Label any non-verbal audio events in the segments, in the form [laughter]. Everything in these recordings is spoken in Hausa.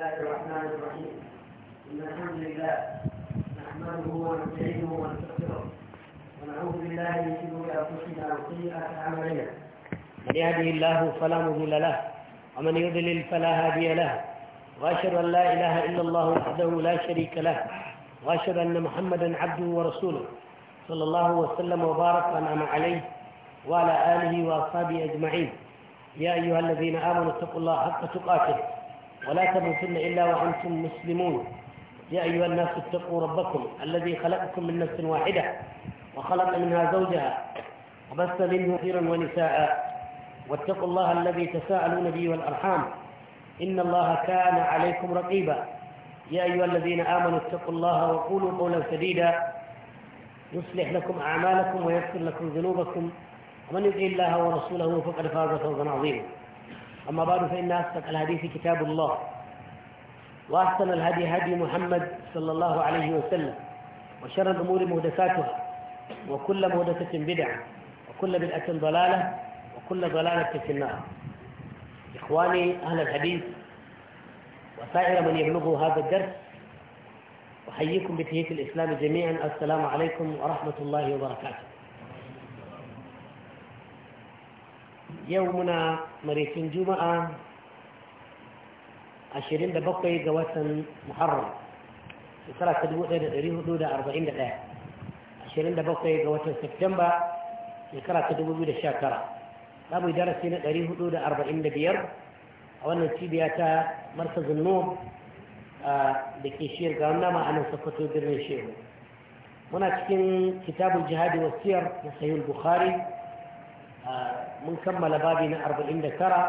الله الرحمن الرحيم إن الحمد لله نحمده ونستغفره ونعوذ بالله من شرور أنفسنا من يهده الله فلا مضل له ومن يضلل فلا هادي له وأشهد أن لا إله إلا الله وحده لا شريك له وأشهد أن محمدا عبده ورسوله صلى الله وسلم وبارك وأنعم عليه وعلى آله وأصحابه أجمعين يا أيها الذين آمنوا اتقوا الله حق تقاته ولا تموتن إلا وأنتم مسلمون يا أيها الناس اتقوا ربكم الذي خلقكم من نفس واحدة وخلق منها زوجها وبث منه خيرا ونساء واتقوا الله الذي تساءلون به والأرحام إن الله كان عليكم رقيبا يا أيها الذين آمنوا اتقوا الله وقولوا قولا سديدا يصلح لكم أعمالكم ويغفر لكم ذنوبكم ومن يطع الله ورسوله فقد فاز فوزا عظيما أما بعد فإن أصدق الحديث كتاب الله وأحسن الهدي هدي محمد صلى الله عليه وسلم وشر الأمور مهدساتها وكل مهدسة بدعة وكل بدعة ضلالة وكل ضلالة في النار إخواني أهل الحديث وسائر من يبلغ هذا الدرس أحييكم بتهيئة الإسلام جميعا السلام عليكم ورحمة الله وبركاته yau muna maraicin juma'a 27 ga watan muharram shekara ta 1441 27 ga watan septemba shekara ta 2019 za mu yi darasi na 445 a wannan cibiya ta markazin nur da ke shiyar ga wannan ma'anar sokoto birnin shehu muna cikin kitabun jihadi wasiyar na sahih bukhari آه، من كمل بابي بابنا أربعين ترى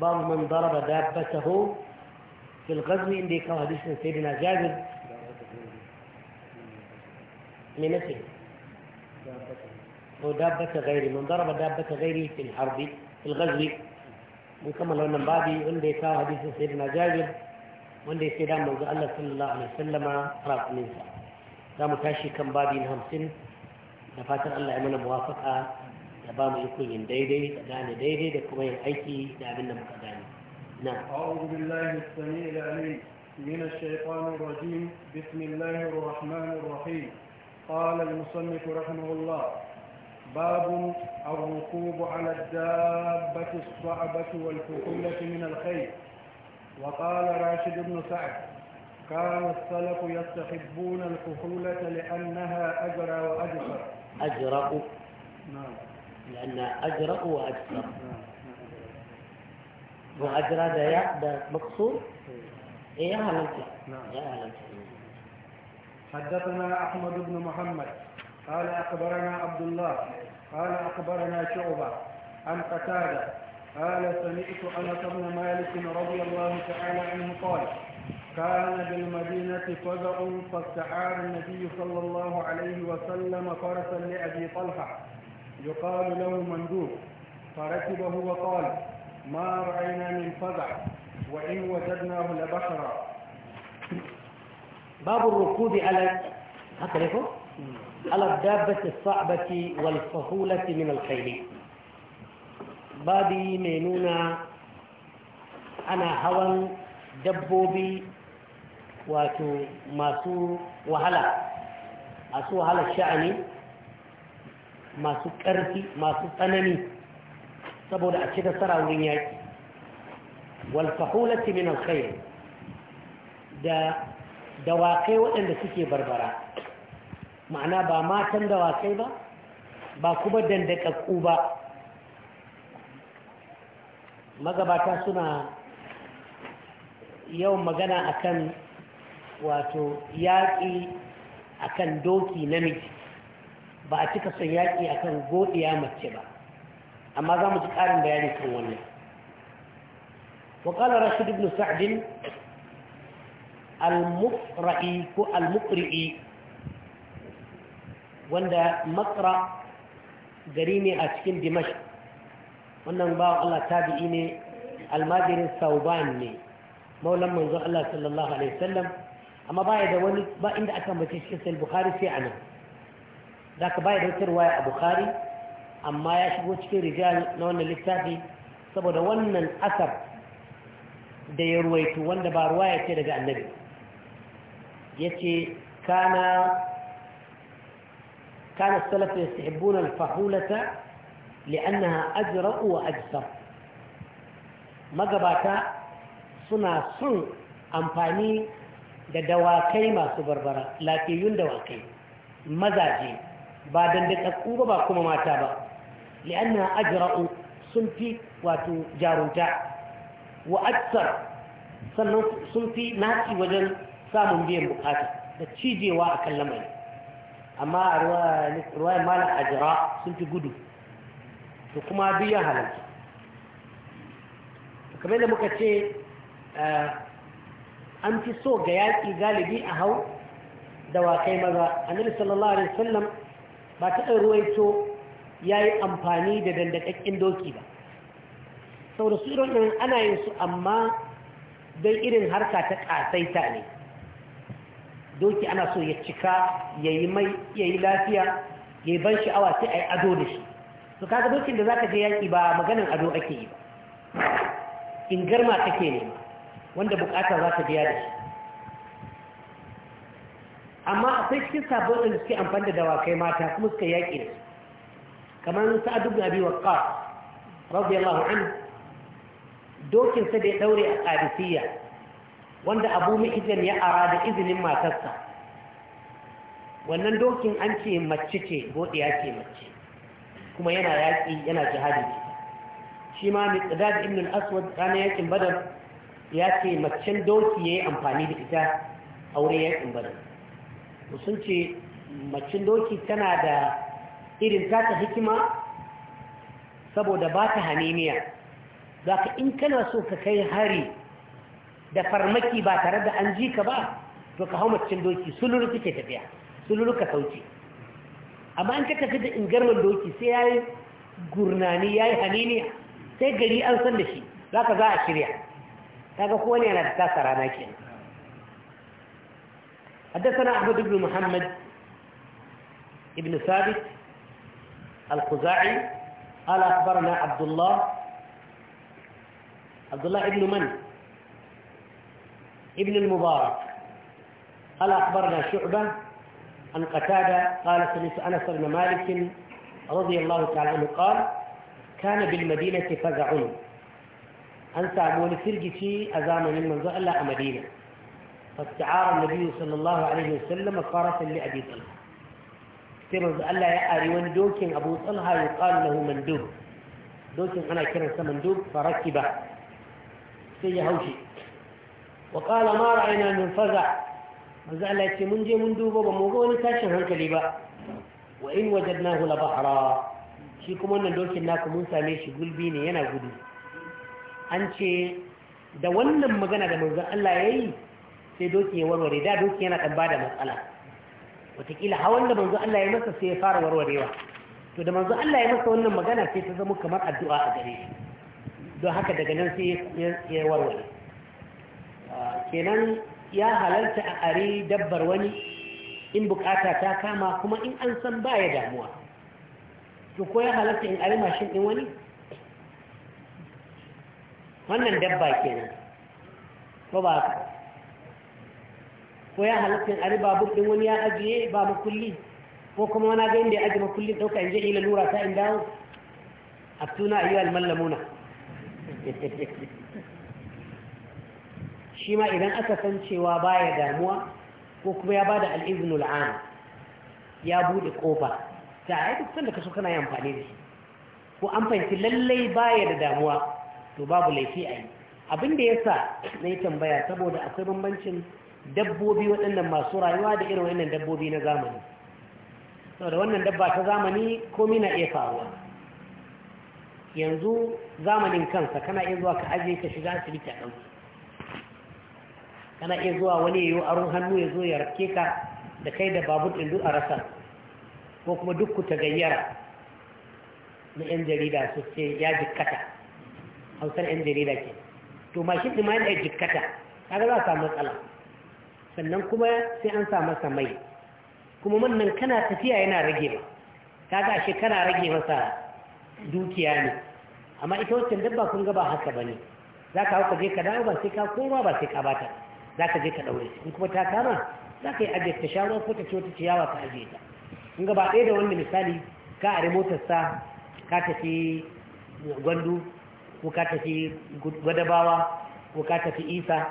باب من ضرب دابته في الغزو عندي كما حديث سيدنا جابر لنفسه هو دابة غيري من ضرب دابة غيري في الحرب في الغزو مكمل من بعد عندي كما حديث سيدنا جابر وعندي سيدنا موزع الله صلى الله عليه وسلم راس من سعر كم بابي انهم سن دفاتر الله عمنا موافقه تبام يكون يم ديدي تدان ديدي دكوين أيتي دابنا مقداني نعم أعوذ بالله السميع العليم من الشيطان الرجيم بسم الله الرحمن الرحيم قال المصنف رحمه الله باب الركوب على الدابة الصعبة والفقلة من الخير وقال راشد بن سعد كان السلف يستحبون الكحولة لأنها أجرى وأجرى أجرى نعم لأن أجرأ وأجسر وأجرا ده يا ده مقصود إيه أهلا يا أهل نعم. حدثنا أحمد بن محمد قال أخبرنا عبد الله قال أخبرنا شعبة عن قتادة قال سمعت أنس بن مالك رضي الله تعالى عنه قال كان بالمدينة فزع فاستعار النبي صلى الله عليه وسلم فرسا لأبي طلحة يقال له مندوب فركبه وقال ما رأينا من فزع وإن وجدناه لبشرا باب الركود على هكذا على الدابة الصعبة والفهولة من الخيل بابي مينونا أنا ana دبوبي واتو wato وهلا wahala هلا wahalar masu ƙarfi masu tsanani saboda a ci nasara wurin yaƙi walfahulati min alkhair da dawakai waɗanda suke barbara ma'ana ba matan dawakai ba ba kuma dandakakku ba magabata suna yawan magana akan wato yaƙi akan doki namiji ba a cika son yaƙi a kan godiya mace ba amma za mu ci ƙarin bayani kan wannan وقال رشيد بن سعد المقرئي كو المقرئي وندا مقرأ غريني أتكين دمشق wannan bawan Allah tabi'i ne almajirin sauban ne maulan manzon Allah sallallahu alaihi wasallam amma baya da wani ba inda aka mace shi sai bukhari sai anan Zaka baya bai da wutar waya a bukhari amma ya shigo cikin rijal na wannan littafi saboda wannan asar da ya ruwaitu wanda ba ruwa ya ce daga annabi ya ce kana كان السلف يستحبون الفحولة ajira uwa وأجسر magabata suna son amfani da dawakai masu barbara lafiyun dawakai mazaje ba dandatsatsu ba ba kuma mata ba li'anna ajra'u sun fi wato jarunta wa aksar sannan sun fi naci wajen samun biyan bukata da cijewa a kan lamari amma a ruwayan malar ajira sun fi gudu To kuma biyan halarci kamar da muka ce eh, an fi so ga yaƙi galibi a hau dawakai maza annabi sallallahu alaihi wasallam ba taɓa ruwaito ya yi amfani da dandakakken doki ba sau da su irin ana yin su amma don irin harka ta ƙasaita ne doki ana so ya cika ya yi mai ya yi lafiya ya yi ban sha'awa sai a yi ado da shi su kaga dokin da za ka je yaƙi ba maganin ado ake yi ba in garma kake nema wanda bukata za ka biya da shi amma akwai cikin sabon da suke amfani da dawakai mata kuma suka yaƙi da su kamar Sa'adu ibn abi waqqas radiyallahu anhu dokin sa da ya daure a ƙarisiyya wanda abu mu'izan ya ara da izinin matarsa wannan dokin an ce mace ce ya ce mace kuma yana yaƙi yana jihadi ne shi ma tsada da imin aswad ranar yaƙin badar ya ce macen doki yi amfani da ita a wurin yaƙin badar sun ce macin doki tana da irin taka hikima saboda ba ta haniniya za ka in kana so ka kai hari da farmaki ba tare da an ji ka ba to ka hau macin doki suluru kike tafiya suluru ka sauce amma in ka tafi da ingarman doki sai ya yi gurnani ya yi haniniya sai gari an san da shi za ka za a shirya ta ga kowane yana da tasara rana kenan حدثنا أحمد بن محمد بن ثابت الخزاعي قال أخبرنا عبد الله عبد الله بن من؟ ابن المبارك قال أخبرنا شعبة عن قتادة قال سمعت أنس بن مالك رضي الله تعالى عنه قال كان بالمدينة فزع أنسى samu wani firgici من zamanin مدينه فاستعار النبي صلى الله عليه وسلم فرسا لأبي طلحة سيرز ألا يأري وندوكين أبو طلحة يقال له مندوب دوكين أنا كرس مندوب فركب سيهوشي وقال ما رأينا من فزع فزعل يتي من جي مندوب ومغون تاشن هنكلي با وإن وجدناه لبحرا shi kuma wannan dokin naku mun same shi gulbi ne yana gudu an ce da wannan magana da manzon Allah ya yi sai doki ya warware da doki yana ɗan bada matsala wataƙila hawan da manzo Allah ya masa sai ya fara warwarewa to da manzo Allah ya masa wannan magana sai ta zama kamar addu'a a gare shi don haka daga nan sai ya warware ah, kenan ya halarta a are dabbar wani in bukata ta kama kuma in an san baya damuwa to ko ya halarta in are mashin din wani wannan dabba kenan ko ba ko ya halittin a riba buk wani ya ajiye ba makulli ko kuma wani ga inda ya ajiye makulli ɗauka in je ila lura ta in dawo a tuna a yi almallamuna shi ma idan aka san cewa ba ya damuwa ko kuma ya ba da al'izinul an ya buɗe ƙofa ta a yi da kaso kana yi amfani da shi ko an fahimci lallai ba ya da damuwa to babu laifi a yi abin da ya sa na yi tambaya saboda akwai bambancin dabbobi waɗannan masu rayuwa da irin waɗannan dabbobi na zamani sau da wannan dabba ta zamani komi na iya faruwa yanzu zamanin kansa kana iya zuwa ka ajiye ka shiga asibiti a ɗauki kana iya zuwa wani yayo aro hannu ya zo ya rake ka da kai da babur ɗin a rasa ko kuma duk ta gayyara na 'yan jarida su ce ya jikkata hausar 'yan jarida ke to mashin jima'i ma yana jikkata kaga za a samu matsala sannan kuma sai an sa masa mai kuma wannan kana tafiya yana rage ba kaga shi kana rage masa dukiya ne amma ita wacce dabba kun ga ba haka ka hau ka je ka dawo ba sai ka koma ba sai ka bata ka je ka ɗaure. in kuma ta kama za ka yi aje ta ruwa ko ta ciwo ciyawa ka aje ta in ga ɗaya da wanda misali ka a remotar sa ka tafi gwandu ko ka tafi gwadabawa ko ka tafi isa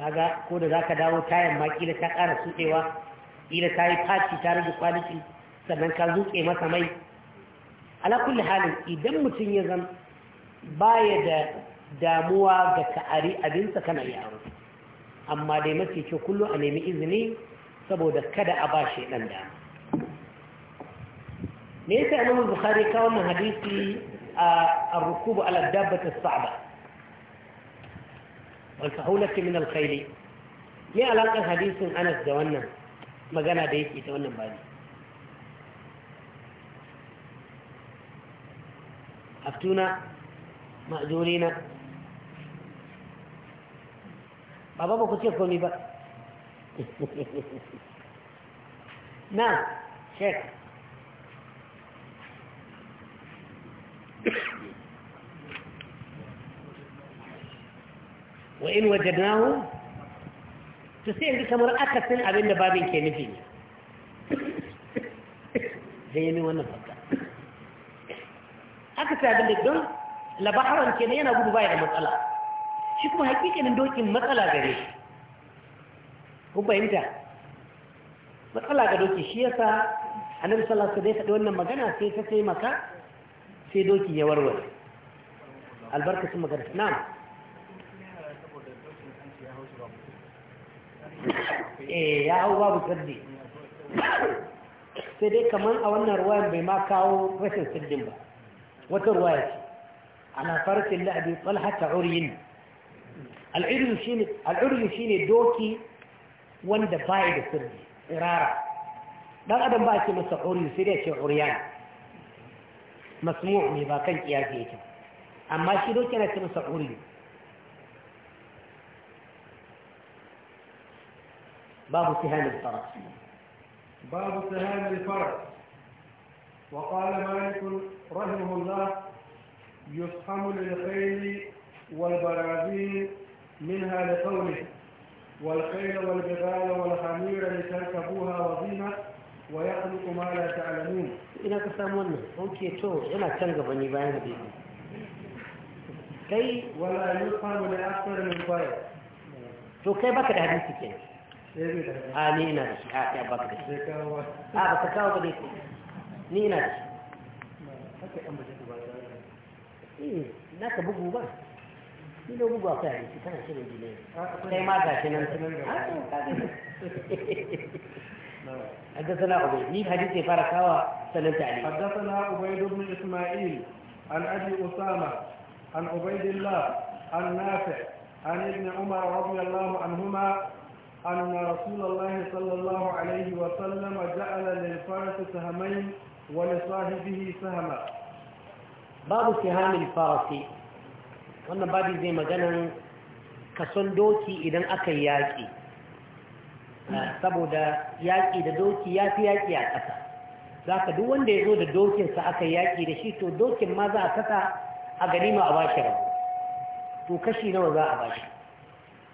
kaga ko da zaka dawo tayan ma kila ta kara tsudewa kila tayi faci ta rage kwaliti sannan ka zuke masa mai ala kulli halin idan mutum ya zan baya da damuwa ga ta'ari abinsa kana yi aure amma dai mace kyau kullum a nemi izini saboda kada a ba shi ɗan dama me yasa imam bukhari kawo hadisi a rukubu ala dabbata sa'ba alfahulati min alkhayli me alaƙar hadisin anas da wannan magana da yake ta wannan bani aftuna ma'azurina ba ba ba ku ce ba na shek wa in wajadnahu to sai yanzu kamar akasin abin da babin ke nufi ne zai yi wannan fata aka sai abin da don labahawan ke yana gudu baya da matsala shi kuma hakikanin dokin matsala gare shi kun fahimta matsala ga doki shi yasa annabi sallallahu alaihi wasallam faɗi wannan magana sai ta sai maka sai doki ya warware albarkacin magana na'am eh ya hau babu sirdi sai dai kamar a wannan ruwayan bai ma kawo rashin sirdin ba wata ruwaya ce ana farkin la'abi tsalhata uriyin al'uryu shi ne doki wanda baya da sirdi irara ɗan adam ba ce masa uri sai dai ce uriyan masu ne ba kan kiyasi yake amma shi doki na ce masa uriyu باب سهام الفرع باب سهام الفرع وقال مالك رحمه الله يسهم للخيل والبرازيل منها لقوله والخيل والبغال والحمير لتركبوها وظيمة ويخلق ما لا تعلمون إذا تسامون أوكي تو إلى إلا تلقب أني باين كي ولا يسهم لأكثر من باين تو كيف بكر حديثي كيف a ni ina da shi a kai baka da shi a baka kawo ba dai ni ina da shi na eh, ka bugu ba ni da bugu a kai da shi kana shirin jini kai ma ga shi nan حدثنا عبيد لي حديث فرقاوة سلمت عليه حدثنا عبيد بن إسماعيل عن Isma'il أسامة عن Usama, الله عن نافع عن ابن عمر رضي الله عنهما أن رسول الله صلى الله عليه وسلم جعل للفرس سهمين ولصاحبه سهما باب سهام الفرس wannan babi zai maganan kason doki idan aka yi yaƙi saboda yaƙi da doki ya fi yaƙi a ƙasa za ka duk wanda ya zo da dokinsa aka yi yaƙi da shi to dokin ma za a kasa a ganima a bashi rabu to kashi nawa za a bashi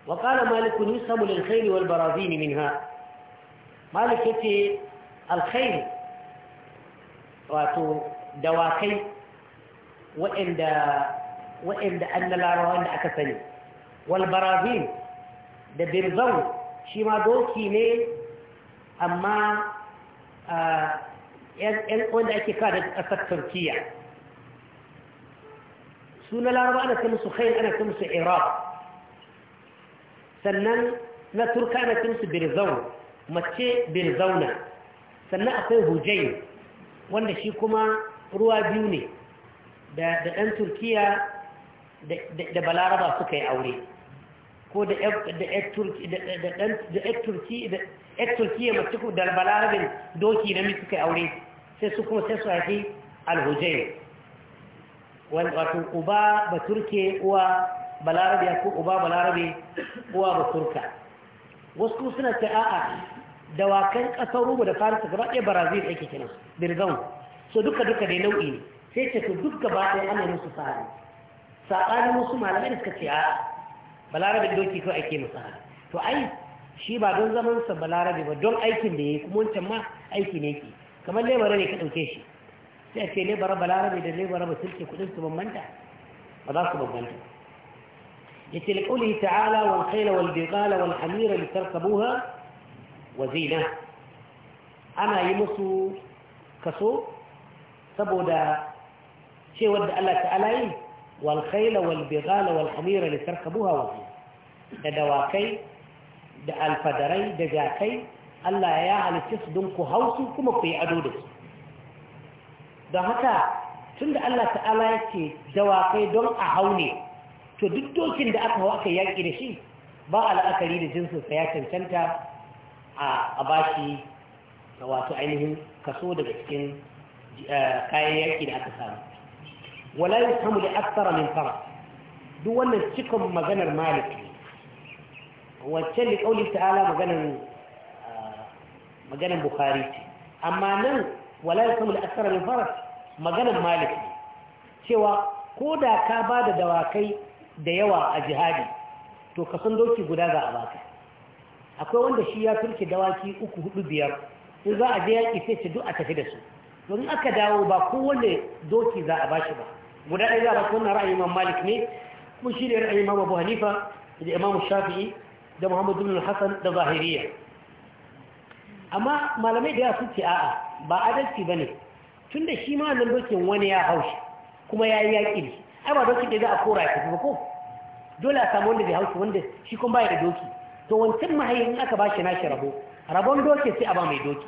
وقال مالك يسهم للخيل والبراذين منها مالك يتي الخيل واتو دواكي وإن دا وإن دا أن لا روان دا أكثني والبراذين دا برزو شما دوكي ني أما آه إن ake kada da ƙasar turkiya suna laraba ana ta musu khair ana ta sannan na Turkana turkanatinsu birzaun mace birzauna sannan akwai hujjain wanda shi kuma ruwa biyu ne da ɗan turkiya da balaraba suka yi aure ko da ‘yan turkiya mace da balarabin doki na mi suka yi aure sai su kuma sai su haifi alhujjain wato uba ba turke uwa balarabe ko uba balarabe uwa ba turka wasu suna ce a'a dawakan ƙasar rubu da farisa gaba ɗaya brazil ake kina birgan so duka duka dai nau'i ne sai ce duka ba ɗaya ana musu fara saɓani wasu malamai da suka ce a'a balarabe doki kawai ake musu fara to ai shi ba don zamansa balarabe ba don aikin da ya yi kuma wancan ma aiki ne ke kamar lebara ne ka ɗauke shi sai a ce lebara balarabe da lebara ba sulke kudin su bambanta ba za su bambanta yace da kauli ta'ala wal khayla wal biqala wal hamira litarkabuha wa ana yi musu kaso saboda cewar da Allah ta'ala yi wal khayla wal biqala wal hamira litarkabuha da dawakai da alfadarai da jakai Allah ya halitta su don ku hausu kuma kuyi yi da haka tun da Allah ta'ala ya dawakai don a ne to duk dokin da aka waka yaƙi da shi ba a la'akari da jinsinsa ya cancanta a bashi wato ainihin kaso daga cikin eh, kayan yaƙi da aka samu Walayin yi samu da aksara min fara duk wannan cikon maganar maliki wacce da ƙauli ta'ala maganar eh, bukari ce amma nan wala samu da aksara min fara maganar maliki cewa ko da ka ba da dawakai da yawa a jihadi to ka san doki guda za a baka akwai wanda shi ya turke dawaki uku hudu biyar in za a je yaƙi sai ce duk a tafi da su don aka dawo ba kowane doki za a bashi ba guda ɗaya za a bashi wannan ra'ayi imam malik ne kuma shi ne ra'ayi imam abu hanifa da imam shafi'i da muhammadu bin hassan da zahiriya amma malamai da ya su ce a'a ba adalci ba ne tun shi ma nan dokin wani ya haushi kuma ya yi yaƙi ne ai ba doki da za a kora shi ba ko dole a samu wanda bai hausa wanda shi kun baya da doki to wancan in aka bashi nashi rabo rabon doki sai a ba mai doki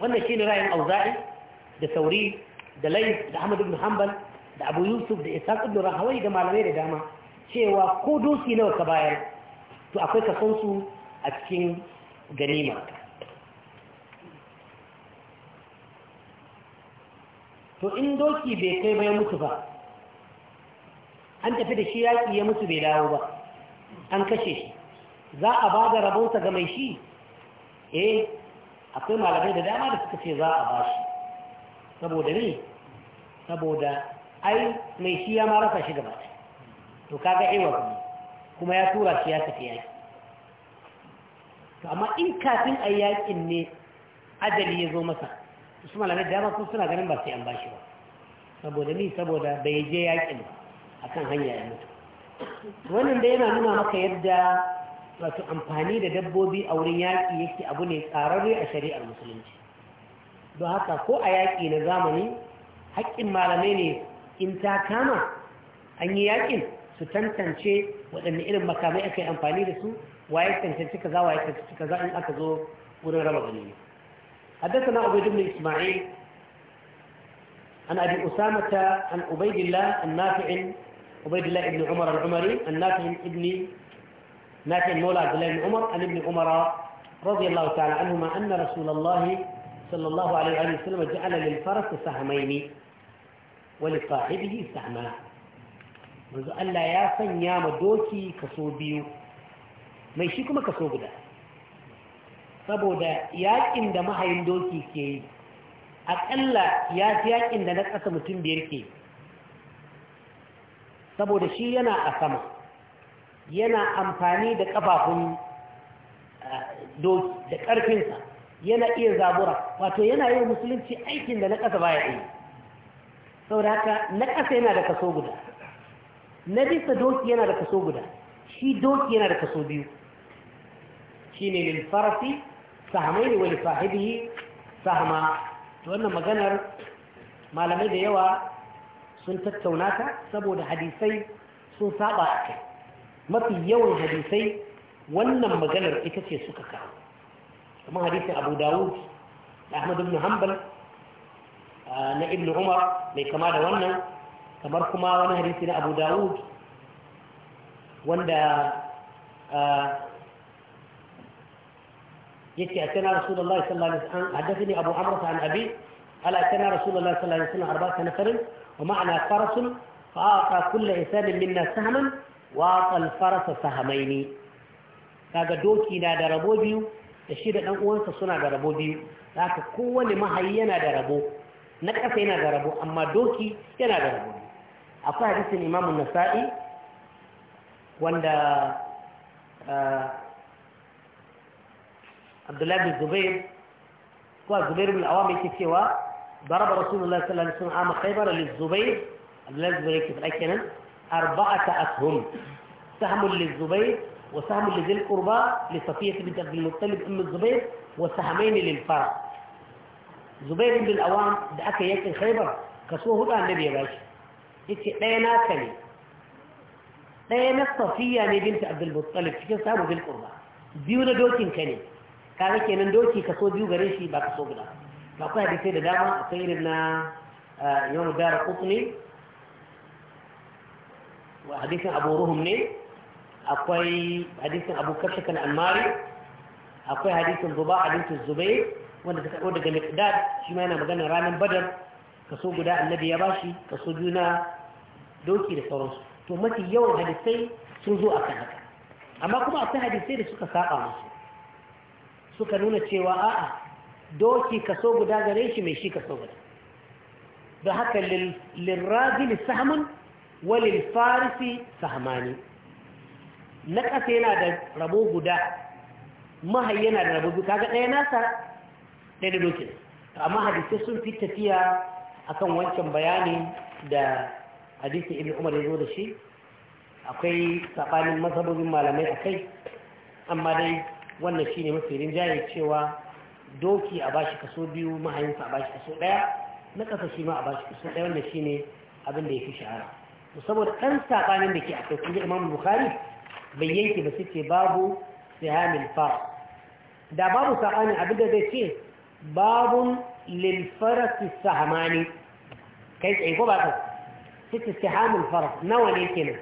wannan shine ra'ayin auza'i da sauri da lai da ahmad ibn hanbal da abu yusuf da isaac ibn rahawai da malamai da dama cewa ko doki nawa ka bayar to akwai kason a cikin ganima to in doki bai kai bayan mutu ba an tafi da shi yaƙi ya mutu bai dawo ba an kashe shi za a ba da rabonsa ga mai shi eh akwai malamai da dama da suka ce za a ba shi saboda ne saboda ai mai shi ya marasa shi gaba to kaga iwa kuma kuma ya tura shi ya tafi yaƙi to amma in kafin a yaƙin ne ajali ya zo masa su malamai dama kuma suna ganin ba sai an ba shi ba saboda ni saboda bai je yaƙin ba akan hanya ya mutu wannan da yana nuna maka yadda wato amfani da dabbobi a wurin yaƙi yake abu ne tsararre a shari'ar musulunci don haka ko a yaƙi na zamani haƙƙin malamai ne in ta kama an yi yaƙin su tantance waɗanne irin makamai aka yi amfani da su waye tantance kaza waye tantance kaza in aka zo wurin raba gani حدثنا عبيد بن إسماعيل عن أبي أسامة عن عبيد الله النافع ubaidullah ibn umar al-umari annafi ibn نافع مولى عبد الله بن عمر عن ابن عمر رضي الله تعالى عنهما أن رسول الله صلى الله عليه وآله وسلم جعل للفرس سهمين ولصاحبه سهما منذ ألا يا سنيا مدوكي كسوبيو mai shi kuma kaso guda saboda yaƙin da mahayin doki ke yi aƙalla ya fi yaƙin da na ƙasa mutum biyar ke saboda shi yana a sama yana amfani da ƙafafun eh, doki da ƙarfinsa yana iya zabura wato yana yin musulunci aikin da na ƙasa baya ɗaya. Sau da haka na ƙasa yana da kaso guda na bisa doki yana da kaso guda shi doki yana da kaso biyu shi ne lilfarafi sahamai ne wani sahibi sahama wannan maganar malamai da yawa sun tattauna ta saboda hadisai sun saba a kai mafi yawan hadisai wannan maganar ita ce suka kawo kuma hadisin abu dawud da ahmad ibn hanbal na ibn umar mai kama da wannan kamar kuma wani hadisi na abu dawud wanda yake a cikin rasulullahi sallallahu alaihi wasallam haddathani abu amr an abi قال أتانا رسول الله صلى الله عليه وسلم أربعة نفر ومعنا فرس فأعطى كل إنسان منا سهما وأعطى الفرس سهمين kaga doki na da rabo biyu da shi da uwansa suna da rabo biyu da haka kowane mahayi yana da rabo na ƙasa yana da rabo amma doki yana da rabo akwai hadisin imamun nasa'i wanda abdullahi bin zubair ko zubair bin awam yake cewa ضرب رسول الله صلى الله عليه وسلم عام خيبر للزبير الزبير كيف أكنا أربعة أسهم سهم للزبير وسهم لذي القربى لصفية بنت عبد المطلب أم الزبير وسهمين للفرع زبير بن الأوام ده أكا يكن خيبر كسوه هدى النبي يا باشا يتي دينا كلي دينا صفية بنت عبد المطلب شكل سهم ذي القربى بيونا دوتين كلي كان كينا دوتي كسو بيو غريشي با كسو بلا akwai hadisai da dama akwai irin na eh, yawon gara kusuri hadisin abu ruhun ne akwai hadisin abu kafshakan almari akwai hadisin zuba hadisin zube wanda ta kaɗo daga miqdad shi ma yana magana ranar badar kaso guda annabi ya bashi kaso juna doki da sauransu to mafi yawan hadisai sun zo kan haka amma kuma akwai hadisai da suka saba masu suka nuna cewa a'a doki kaso guda gare shi mai shi kaso guda da haka lirrazili sahamun walil farisi sahamani na ƙasa yana da rabo guda mahai yana da rabo kaga ɗaya nasa ɗaya da dokin amma hadisai sun fi tafiya akan wancan bayani da hadisi ibi umar ya zo da shi akwai saɓanin mazhabobin malamai a kai amma dai wannan shi ne mafi rinjaye cewa doki a bashi kaso biyu mahayinsa a bashi kaso ɗaya na ƙasa shi ma a bashi kaso ɗaya wanda shi ne abin da ya fi shahara saboda ɗan saɓanin da ke a kai kuma imam bukari bai yanke ba sai ce babu sihamin far da babu saɓanin abin da zai ce babun lilfarasi sahamani kai tsaye ko ba ka sai ce sihamin far nawa ne kenan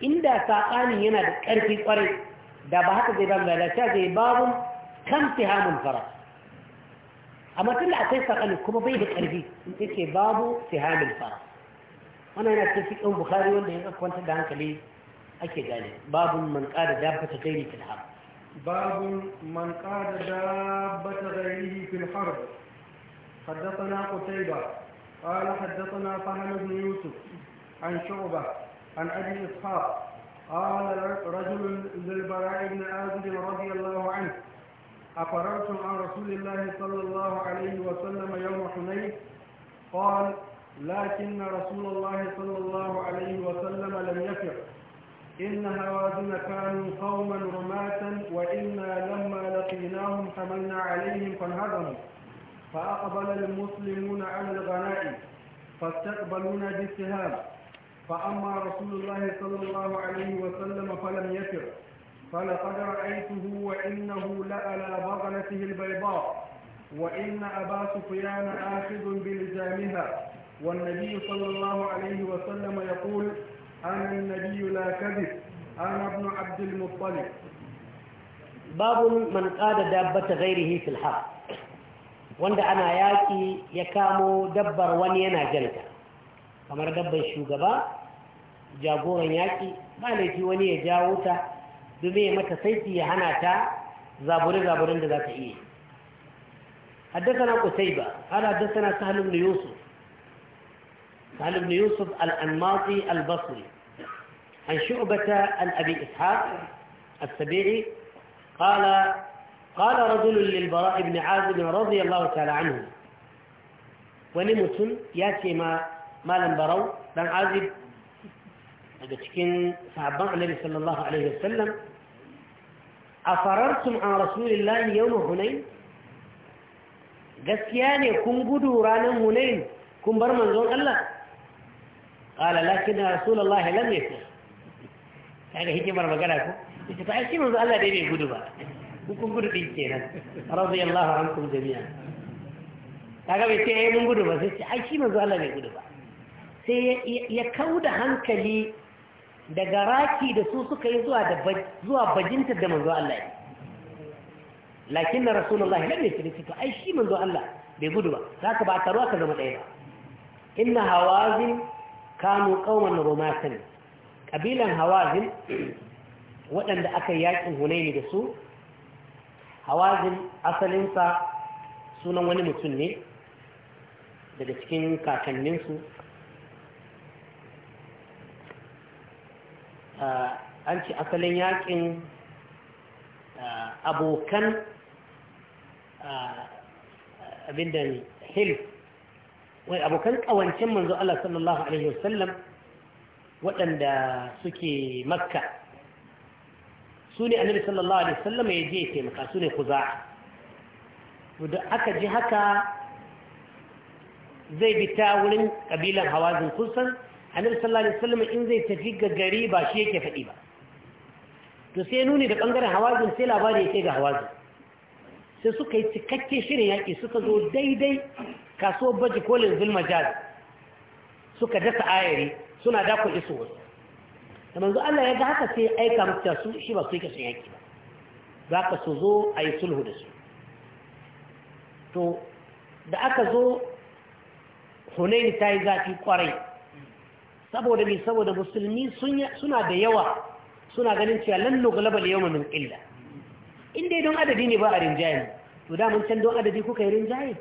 inda saɓanin yana da ƙarfi ƙwarai da ba haka zai ba mu lalata zai babun كم سهام الفرق أما تلع تيسق أن يكون بيه الأرضي إنك بابو تهام الفرق أنا هنا في أم بخاري ولا يقف وانت دعان كلي أكي قالي باب من قاد دابة غيري في الحرب باب من قاد دابة غيره في الحرب حدثنا قتيبة قال حدثنا فهم بن يوسف عن شعبة عن أبي اسحاق قال رجل للبراء بن عازل رضي الله عنه أفررتم عن رسول الله صلى الله عليه وسلم يوم حنين قال لكن رسول الله صلى الله عليه وسلم لم يفر إن هوازن كانوا قوما رماة وإنا لما لقيناهم حملنا عليهم فانهدموا فأقبل المسلمون على الغنائم فاستقبلونا بالسهام فأما رسول الله صلى الله عليه وسلم فلم يفر فلقد رأيته وإنه لألا بغلته البيضاء وإن أبا سفيان آخذ بلزامها والنبي صلى الله عليه وسلم يقول أنا النبي لا كذب أنا ابن عبد المطلب باب من قاد دابة غيره في الحرب wanda ana ياتي ya kamo dabbar wani yana janta kamar dabbar shugaba jagoran yaƙi ba laifi wani ya jawo ta domin ya mata saiti ya hana ta zabure-zaburen da za ta iya حدثنا قتيبة قال حدثنا سهل بن يوسف سهل بن يوسف الأنماطي البصري عن شعبة عن أبي إسحاق السبيعي قال قال رجل للبراء بن عازب رضي الله تعالى عنه ونمت ياتي ما ما لم بروا بن عازب daga cikin sahabban annabi sallallahu alaihi wasallam afarartum an ne yau hunain gaskiya ne kun gudu ranar hunain kun bar manzon Allah qala lakin rasulullahi lam ta ga hikimar magana ku ita ta aiki manzon Allah dai bai gudu ba kun gudu ke nan radiyallahu ankum jami'an kaga bai ce eh, mun gudu ba sai ai shi manzon Allah bai gudu ba sai ya kauda hankali daga raki da su suka yi zuwa bajinta da manzo Allah lakin na rasulullahi ne yusrif to ai shi manzo Allah bai gudu ba zaka ba taruwa ka zama ɗaya ba inna hawazin kanu qauman rumatan kabilan hawazin waɗanda aka yakin hunaini da su hawazin asalinsa sunan wani mutum ne daga cikin kakanninsu an ci asalin yakin abokan abinda da hil wai abokan kawancin manzo Allah sallallahu alaihi wasallam waɗanda suke makka su ne annabi sallallahu alaihi wasallam ya je taimaka su ne kuza da aka ji haka zai bi ta wurin ƙabilan hawazin kusan annabi sallallahu alaihi wasallam in zai tafi ga gari ba shi yake faɗi ba to sai nuni da bangaren hawazin sai labari ya kai ga hawazin sai suka yi cikakke shirin yaƙi suka zo daidai kasuwar baji kolin zulmajal suka dasa ayari suna dakon iso wasu da manzo Allah ya ga haka sai ya aika mutu su shi ba su yi kashin yaƙi ba za ka su zo a yi sulhu da su to da aka zo hunaini ta yi zafi kwarai saboda mai saboda musulmi suna da yawa suna ganin cewa lan nuglaba da yawan mulkilla illa in dai don adadi ne ba a rinjaye to da can don adadi kuka yi rinjaye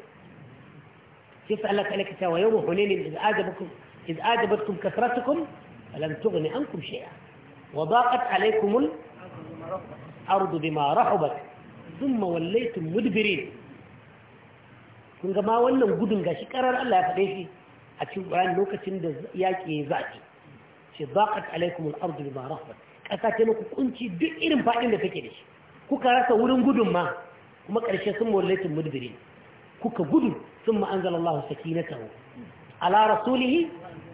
shi sa Allah kalaka ka ta wa yawmu hunainin iz ajabakum iz ajabatkum kasratukum falam tughni ankum shay'a wa daqat alaykum al-ardu bima rahabat thumma wallaytum mudbirin kun ga wannan gudun gashi karar Allah ya faɗe shi a cikin bayan lokacin da yaƙi ya zaɓi ce baƙat alaikum al'ardu bi ma ƙasa ta muku kunci duk irin faɗin da take da shi kuka rasa wurin gudun ma kuma ƙarshe sun mawallaitin mudbiri kuka gudu sun ma'anzal Allah sakinatahu ala rasulihi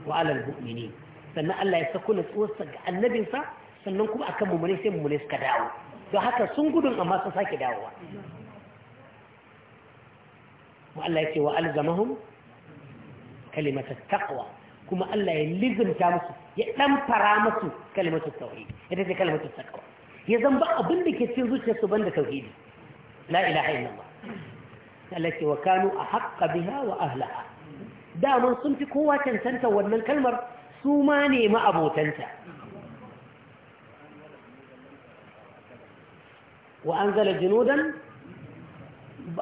wa ala al-mu'minin sannan Allah ya sako natsuwarsa ga annabinsa sannan kuma akan mummune sai mummune suka dawo don haka sun gudun amma sun sake dawowa Allah ya ce wa alzamahum كلمة التقوى كما ألا يلزم جامسه يأتم فرامسه كلمة التوحيد هذه كلمة التقوى يزنبع أبنك يتنزوش يسبند توحيد لا إله إلا الله التي وكانوا أحق بها وأهلها دائما صنف قوة تنسى ومن الكلمة سوماني ما أبو تنسى وأنزل جنودا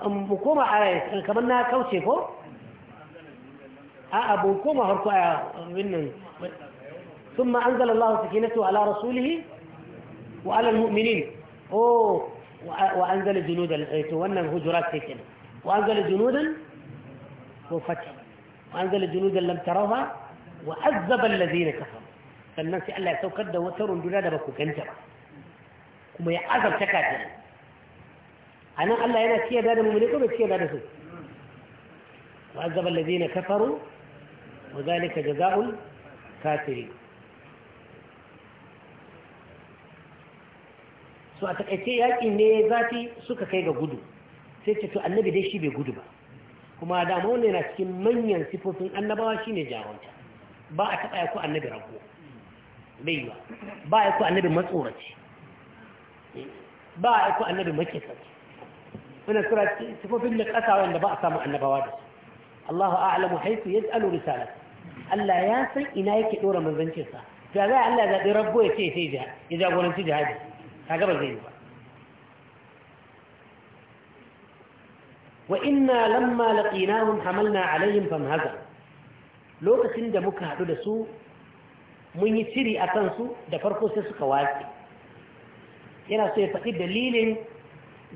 مقوم على كمان كوشي فوق a'a bun koma harko a wannan sun ma an zala Allah suke nasu ala rasulihi wa ala mu'minin o oh, wa eh, wannan hujura ce ke wa an zala junudan ko fata wa an zala sannan sai Allah ya saukar da wata runduna da ba ku ganta ba kuma ya azabta kafin a nan Allah yana ciyar da mummuni ko bai ciyar da su wa azzaba lazina wa zalika jaza'ul kafiri so a takaice yaƙi ne zafi suka kai ga gudu sai ce to annabi dai shi bai gudu ba kuma dama wanda yana cikin manyan sifofin annabawa shi ne jawanta ba a taɓa yaku annabi rago bai yi ba a yaku annabi matsoraci ba a yaku annabi makisarci wannan sura sifofin na ƙasa wanda ba a samu annabawa da su Allahu a'lamu haythu yaj'alu risalata Allah ya san ina yake dora manzancinsa da za Allah zaɓi rabbo ya ce sai ya jagoranci jihadi ka gaba zai yi ba wa inna lamma laqinahum hamalna alaihim famhaza lokacin da muka haɗu da su mun yi ciri a kansu da farko sai suka wake, yana so ya faɗi dalilin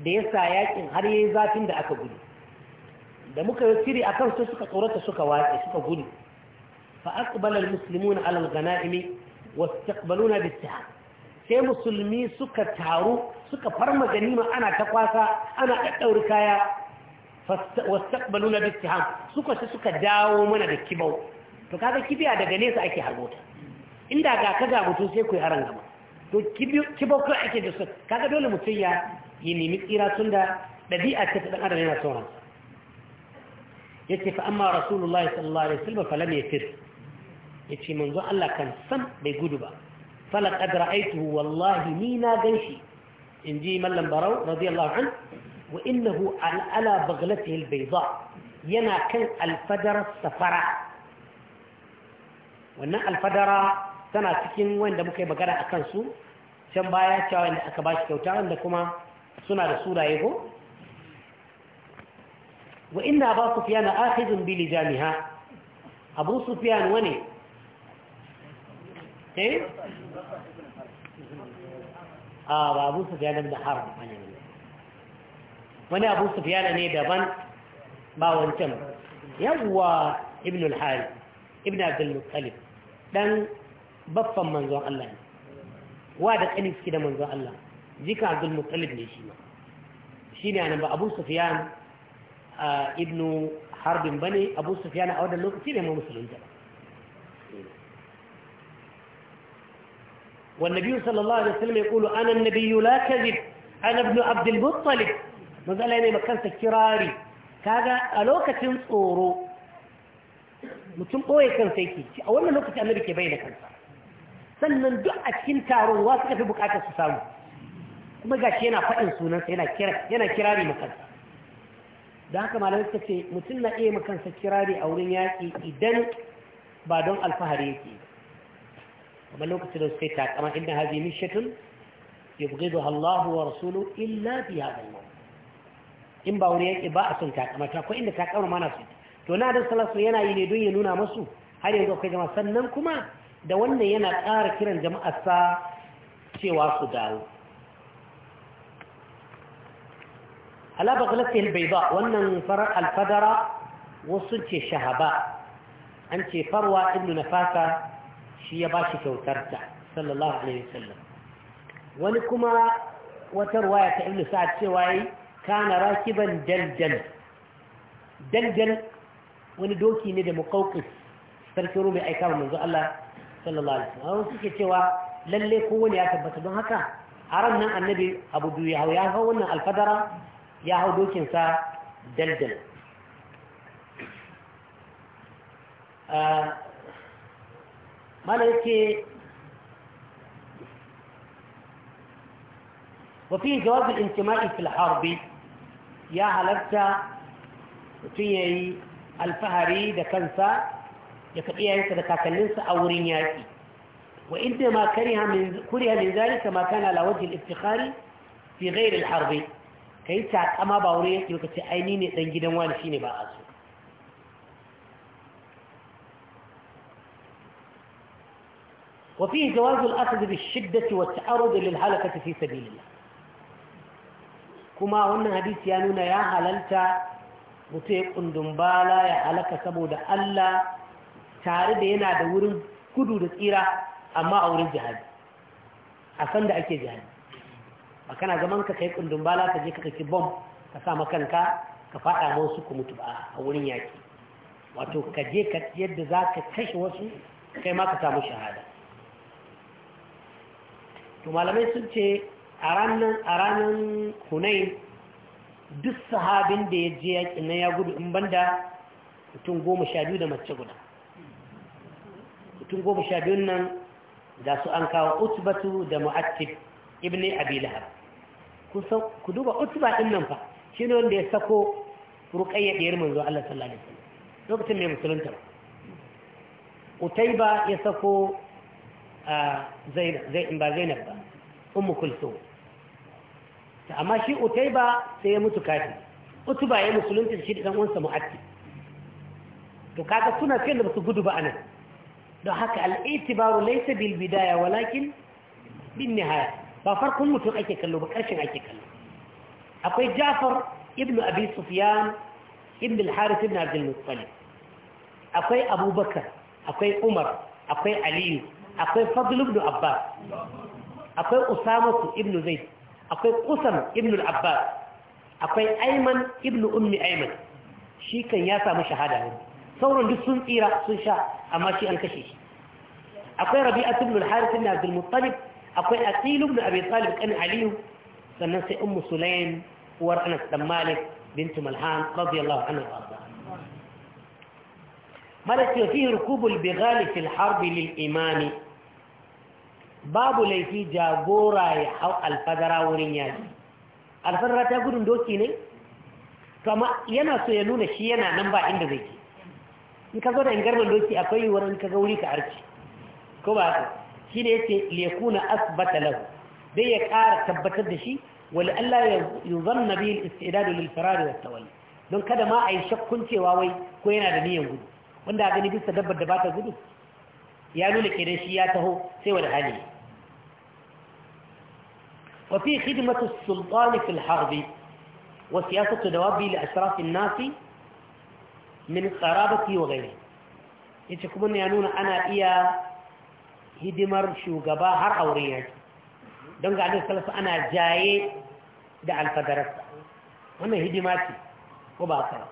da ya sa yakin har yayi zafin da aka gudu da muka yi ciri a kansu suka tsorata suka wake, suka gudu فأقبل المسلمون على الغنائم واستقبلونا بالسهام sai musulmi suka taru suka farma ganima ana ta kwasa ana ɗaɗɗauri kaya wastaqbalu na bittiham suka shi suka dawo mana da kibau to kaga kibiya daga nesa ake harbota inda ga ka ga mutum sai ku yi haran gaba to kibau kai ake da su kaga dole mutum ya yi nemi tsira tun da ɗabi'a ce ta ɗan adam yana sauransa yake fa amma rasulullahi sallallahu alaihi wasallam falam yafir ya ce manzo Allah kan san bai gudu ba falakad ra'aituhu wallahi ni na ganshi in ji mallam barau radiyallahu an wa innahu ala baghlatihi albayda yana kan alfadara safara wannan alfadara tana cikin wanda muka yi magana akan su can baya cewa wanda aka bashi kyauta wanda kuma suna da suraye go wa inna ba sufyan akhidun bi lijamiha abu sufyan wani eh a ah, ba abu sufyan ibn harb ne wani abu sufyan ne daban ba wancan yawwa ibn al-harith ibn abd al-muttalib dan baffan manzon Allah ne wa da kani suke da manzon Allah jika abd al-muttalib ne shi ma shine anan ba abu a ibn harbin ba ne abu sufyan a wannan lokaci ne mu musulunta والنبي صلى الله عليه وسلم يقول أنا النبي لا كذب أنا ابن عبد المطلب مازال يعني مكانت كراري كذا ألوكة صورو mutum ɓoye kansa yake ci a wannan lokaci annabi ke bayyana kansa sannan duk a cikin taron wasu kafi bukatar su samu kuma gashi yana faɗin sunansa yana kira yana kirari makansa da haka malamai suka ce mutum na iya ma kansa kirari a wurin yaƙi idan ba don alfahari yake kamar lokacin da suka yi takama inda hazi mishatun ya da Allah wa rasulu illa bi Allah in ba wuri yake ba a son takama ta ko inda takama mana su to na da salasu yana yi ne don ya nuna masu har yanzu akwai jama'a sannan kuma da wannan yana ƙara kiran jama'a sa cewa su dawo ala bai ba wannan farar alfadara wasu ce shahaba an ce farwa ibnu nafasa shi ya ba shi kyautarta sallallahu alaihi wasallam wani kuma wata ruwaya ta ibnu sa'ad cewa yi kana rakiban daljal daljal wani doki ne da muqawqis sarki rumi aikawa manzo Allah sallallahu alaihi wasallam suke cewa lalle kowane ya tabbata don haka a ran nan annabi abu ya hau ya hau wannan alfadara ya hau sa daldal ah, mala وفي جواب الانتماء في الحرب يا هلتا في الفهري ده كنسا يكفي أنت ده كنسا أو رنياكي وإنما كره من كره من ذلك ما كان على وجه الافتخار في غير الحرب كيسا أما باوريتي يكتي أينيني تنجي دموان شيني بأس وفيه جواز الأخذ بالشدة والتعرض للهلكة في سبيل الله كما هنا حديث يانون يا هللت متيق دنبالا يا هلك سبود ألا تارد هنا دور كدود دسئرة أما أور الجهاد أفند أكي جهاد وكان زمان كتيق kai تجيك bala ka je ka kaki bom ka sa makanka ka fada musu ku mutu a wurin yaki wato ka ka yadda za kashe wasu kai ma ka samu shahada to malamai sun ce a ranar a ranar hunain duk sahabin da ya je yaƙi na ya gudu in banda mutum goma sha biyu da mace guda mutum goma sha biyun nan da su an kawo utubatu da mu'attib ibn abi lahab ku duba utuba din nan fa shi ne wanda ya sako ruƙayya ɗiyar manzo Allah sallallahu alaihi wasallam lokacin mai musulunta Utaiba ya sako Zai in ba zainab ba ummu kulsum amma shi ba sai ya mutu kafi ba ya musulunta shi da wansa uwansa mu'atti to kaga suna kai da su gudu ba anan don haka al-itibaru laysa bil bidaya walakin bin nihaya ba farkon mutum ake kallo ba karshen ake kallo akwai Jafar ibn Abi Sufyan ibn al-Harith ibn Abdul Muttalib akwai Abubakar akwai Umar akwai Aliyu akwai fadl ibn abbas akwai usama ibn zaid akwai qusam ibn abbas akwai ayman ibn ummi ayman shi kan ya samu shahada ne sauran duk sun tsira sun sha amma shi an kashe shi akwai rabi'atu ibn al-harith ibn abd al-muttalib akwai aqil ibn abi talib kan aliyu sannan sai ummu sulaym uwar anas dan malik bint malhan radiyallahu anha warda ملك فيه ركوب البغال في الحرب للإمام babu laifi jagora ya hau alfadara wurin yaji alfadara ta gudun doki ne kama yana so ya nuna shi yana nan ba inda zai ke in ka zo da ingarman doki akwai yi in ka gauri ka arci ko ba haka shi ne yace lekuna asibata lau dai ya kara tabbatar da shi wani Allah ya yuzanna bi al-istidad lil farar da tawali don kada ma a yi shakkun wai ko yana da niyan gudu wanda a gani bisa dabbar da ba ta gudu ya nuna kenan shi ya taho sai wani hali وفي خدمة السلطان في الحرب وسياسة دوابه لأشراف الناس من قرابته وغيره يتكمن يانون أنا إيا هدمر شوغبا هر أوريك دون قاعدين ثلاثة أنا جاي دع الفدرسة وانا هدماتي وباطلة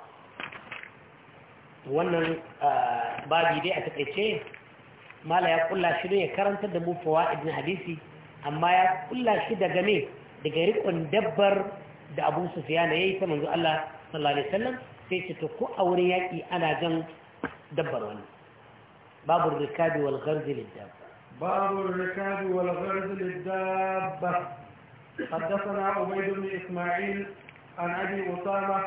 wannan babi dai a takaice mala ya kulla shi ne ya karanta da mu fawaid na hadisi amma ya kulla shi daga me daga rikon dabbar da abu sufiya na yayi ta manzo Allah sallallahu alaihi wasallam sai ce to ko a wurin yaki ana jan dabbar wani babu rikabi wal gharz lid dabba babu rikabi wal gharz lid dabba حدثنا عبيد بن إسماعيل عن أبي أسامة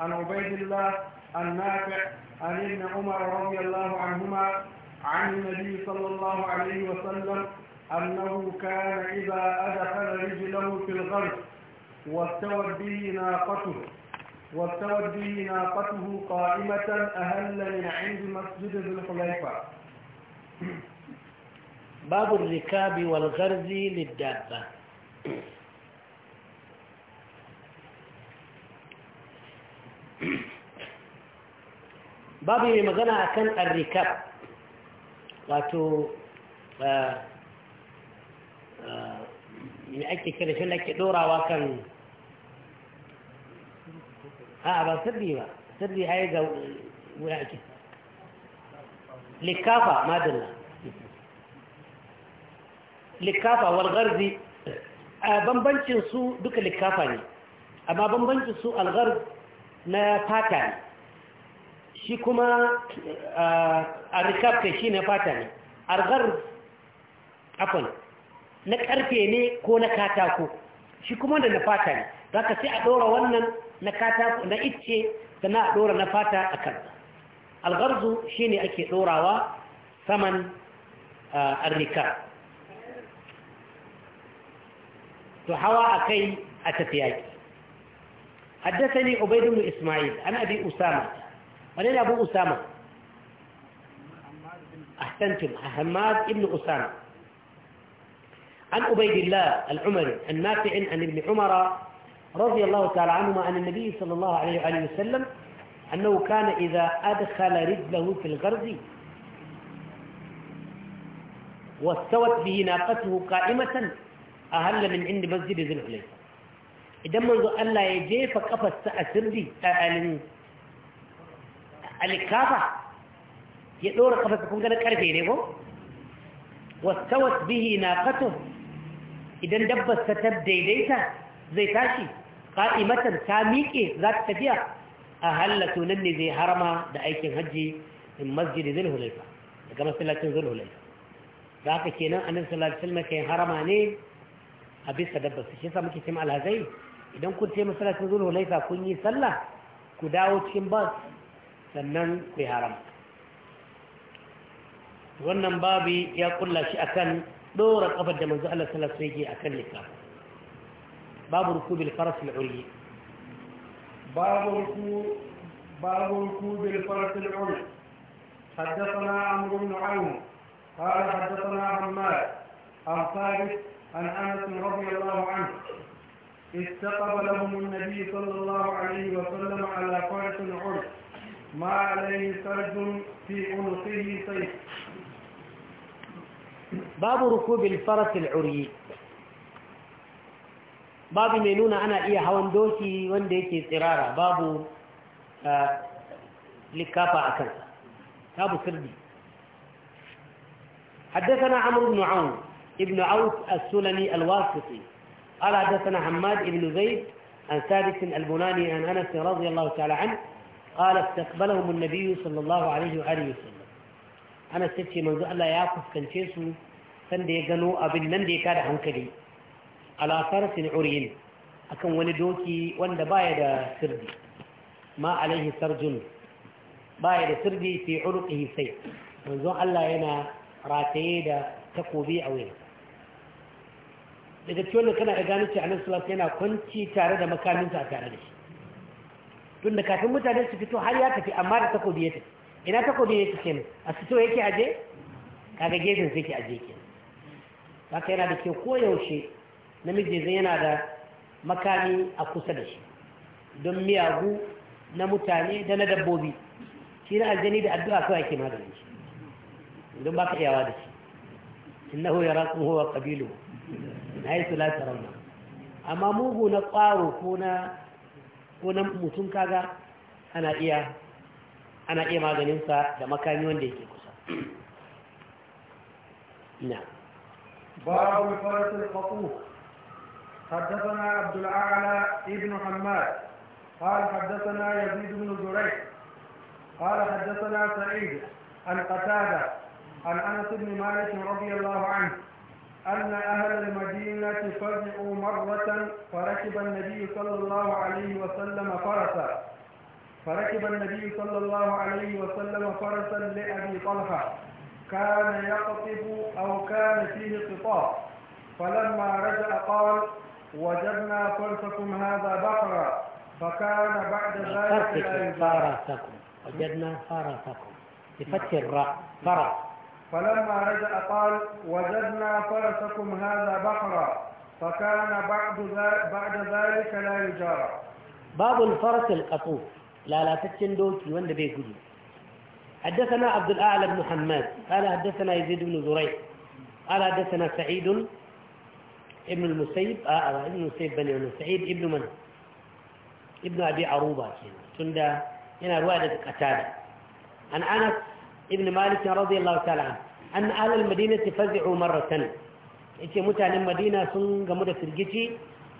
عن عبيد الله عن نافع عن ابن عمر رضي الله عنهما عن النبي صلى الله عليه وسلم أنه كان إذا أدخل رجله في الغرب واستوت به ناقته واستوت به ناقته قائمة أهل من عند مسجد ذي الحليفة [clears throat] باب الركاب والغرز للدابة [clears throat] بابي مغنى magana الركاب واتو wato آه، me ake kira shi ake dorawa kan a ba sirri ba sirri yi ga wuya ake likafa madalla likafa walgarzi a bambancin su duka likafa ne amma bambancin su algar na fata ne shi kuma a rikafka shi na fata ne algar afon na karfe ne ko na katako shi kuma da na fata ne za ka sai a ɗora wannan na katako na icce sannan a ɗora na fata a kan algarzu shi ne ake ɗorawa saman arnika to hawa a kai a tafiya حدثني عبيد بن إسماعيل عن أبي أسامة ولين أبو أسامة أحسنتم حماد بن أسامة عن ابي الله العمري عن نافع عن ابن عمر رضي الله تعالى عنهما عن النبي صلى الله عليه وآله وسلم أنه كان إذا أدخل رجله في الغرز واستوت به ناقته قائمة أهل من عند مسجد ذي الحليفة إذا منذ أن لا يجي فقف السردي الكافة يدور قفص كم كان كارفين واستوت به ناقته idan dabbar ta daidaita zai tashi ƙa'imatar ta miƙe za ta tafiya a hallatu nan ne zai harama da aikin hajji in masjidi zai hulaifa daga masallacin zai hulaifa ka kenan anan nan alaihi kai harama ne a bisa dabbar su shi sa muke cin alhazai idan kun ce masallacin zai hulaifa kun yi sallah ku dawo cikin bas sannan ku yi harama wannan babi ya kulla shi akan دورا أبدا من زعل ثلاث سيجي أكلك باب ركوب الفرس العري باب ركوب باب ركوب الفرس العري حدثنا عمرو بن عون قال حدثنا حماد عن ثابت عن انس رضي الله عنه استقب لهم النبي صلى الله عليه وسلم على فرس عري ما عليه سرج في عنقه سيف باب ركوب الفرس العري باب مينونا أنا ana iya hawan وان wanda yake باب babu آه، likafa باب سردي حدثنا عمرو بن عون ابن عوف السلمي الواسطي قال حدثنا حماد بن زيد عن ثابت البناني عن أنس رضي الله تعالى عنه قال استقبلهم النبي صلى الله عليه وآله وسلم أنس تتشي منزل الله يعقف كان شيسو sanda ya gano abin nan da ya kada hankali alafarsin uriyin akan wani doki wanda baya da sirdi ma alaihi sarjun baya da sirdi fi yi sai manzon Allah yana rataye da takobi a wuyan daga cikin kana da gano cewa Annabi sallallahu yana kwanci tare da makaminta a tare da shi tunda kafin mutane su fito har ya tafi amma da takobi ya tafi ina takobi ya tafi kenan a fito yake aje kaga gefen sai ki aje kenan haka yana da ke koyaushe namiji zai yana da makami a kusa da shi don miyagu na mutane da na dabbobi shi na aljani da addu'a kawai ke maganin shi don ba ka iyawa da shi rasu hoya kabilu na yi sulata rauna amma mugu na kwaro ko na ko mutum kaga ana iya ana iya maganinsa da makami wanda yake kusa na باب الفرس الخطوف حدثنا عبد الاعلى ابن حماد قال حدثنا يزيد بن زريع قال حدثنا سعيد عن قتاده عن انس بن مالك رضي الله عنه أن أهل المدينة فزعوا مرة فركب النبي صلى الله عليه وسلم فرسا فركب النبي صلى الله عليه وسلم فرسا لأبي طلحة كان يقطف أو كان فيه قطاع فلما رجع قال وجدنا فرسكم هذا بقرة فكان بعد ذلك فرسكم وجدنا فرسكم بفتح الراء فرس فلما رجع قال وجدنا فرسكم هذا بقرة فكان بعد بعد ذلك لا يجارى باب الفرس القطوف لا لا تتشن دوكي وند بي حدثنا عبد الأعلى بن حماد قال حدثنا يزيد بن زريع قال حدثنا سعيد ابن المسيب آه،, آه ابن المسيب بن سعيد ابن من ابن أبي عروبة تندى هنا رواية قتادة عن أنس ابن مالك رضي الله تعالى عنه أن أهل المدينة فزعوا مرة يتي متى المدينة سن مدى سرقتي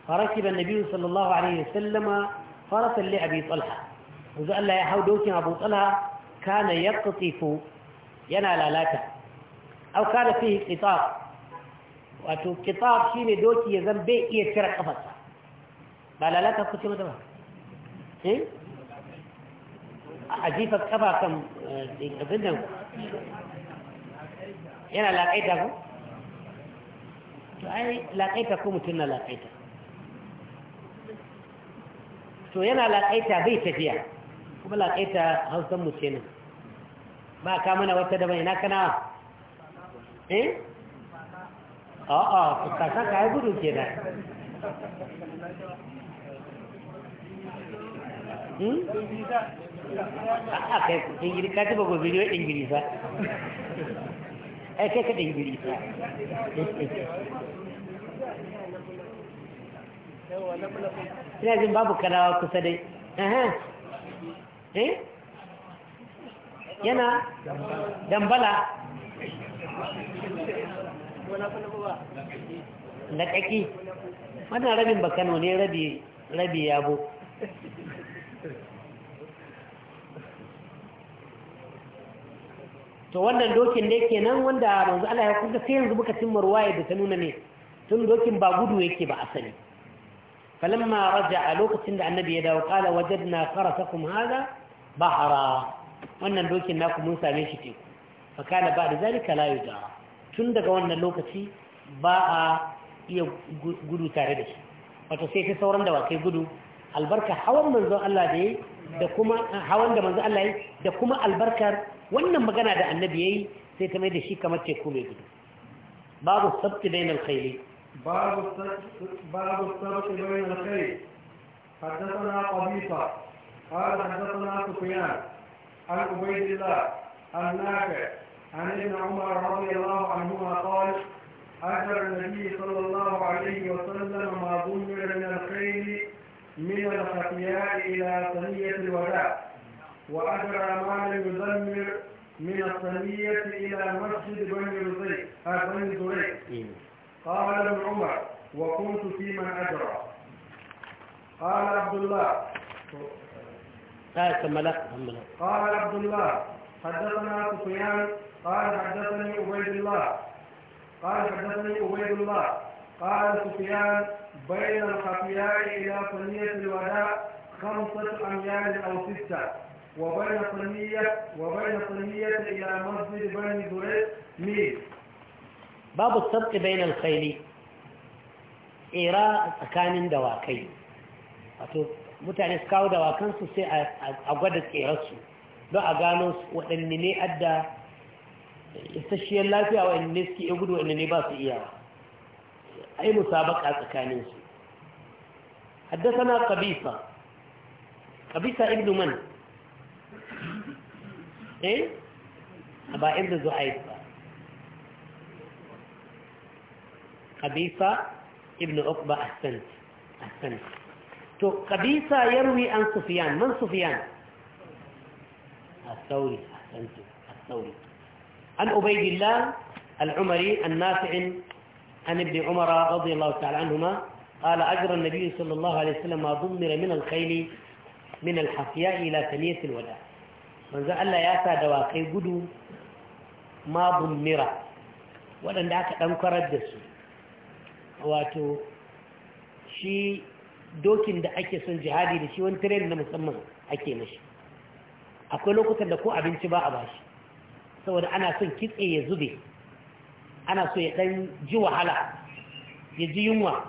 فركب النبي صلى الله عليه وسلم فرسا لأبي طلحة وزأل لا يحاول دوكي أبو طلحة kana yaqtifu yana lalata aw kana fihi qitab wato qitab shine doki ya zan bai iya cire kafarsa ba lalata ku ce mata ba eh ajifa kafa kan eh, abin yana laƙaita ku to ai ko mutum na to yana laƙaita bai tafiya kuma laƙaita hausan mu ba ka mana wata da ina kana eh a'a ka san hmm? kai gudu da hmm a kai ka tuba go bidiyo ai kai ka babu kusa dai eh yana dambala laƙaƙi wannan rabin bakano ne rabi yabo to wannan dokin da yake nan wanda yanzu Allah ya kusa sai yanzu muka cimma ruwaya da ta nuna ne tun dokin ba gudu yake ba asali falamma raja a lokacin da annabi ya dawo kala wajadna faratakum hada bahara wannan dokin naku mun same shi teku fakala ba da zalika layu da tun daga wannan lokaci ba a iya gudu tare da shi wata sai ta sauran da wakai gudu albarka hawan manzon Allah da da kuma hawan da manzon Allah yayi da kuma albarkar wannan magana da annabi yayi sai ta mai da shi kamar teku mai gudu babu sabti bainal khayli babu babu sabti bainal khayli حدثنا قبيصة قال حدثنا سفيان عن عبيد الله عن نافع عن ابن عمر رضي الله عنهما قال أثر النبي صلى الله عليه وسلم ما ضمر من الخيل من الخطياء إلى ثنية الوداع وأثر ما لم يدمر من الثنية إلى مسجد بني زيد بني زريق إيه. قال ابن عمر وكنت في من أجرى قال عبد الله قال عبد الله حدثنا سفيان قال حدثني عبيد الله قال حدثني عبيد الله قال سفيان بين الخفياء إلى صنية الوداع خمسة أميال أو ستة وبين صنية وبين صنية إلى مسجد بني دريد ميل باب الصدق بين الخيل إيراء كان دواكي mutane su kawo dawakansu sai a gwada tserarsu don a gano waɗanne ne adda isasshiyar lafiya waɗanne ne suke gudu waɗanne ne ba su iyawa ai musabaka tsakaninsu kabisa قبيصة man, ابن eh? ba ايه ابا ابن زعيب kabisa ابن عقبة أحسنت أحسنت to kabisa yarwi an sufyan man sufyan al-thawri ahsantu al-thawri an ubaydillah al-umari an-nafi' an ibn umar radiyallahu ta'ala anhuma qala ajra an-nabiy sallallahu alayhi wasallam ma dumira min al min al ila taniyat al-wada man za Allah ya sa dawaqai gudu ma dumira wadanda aka dankarar da su wato shi dokin da ake son jihadi da shi wani tiren na musamman ake mashi akwai lokutan da ko abinci ba a bashi saboda ana son kitse ya zube ana so ya dan ji wahala ya ji yunwa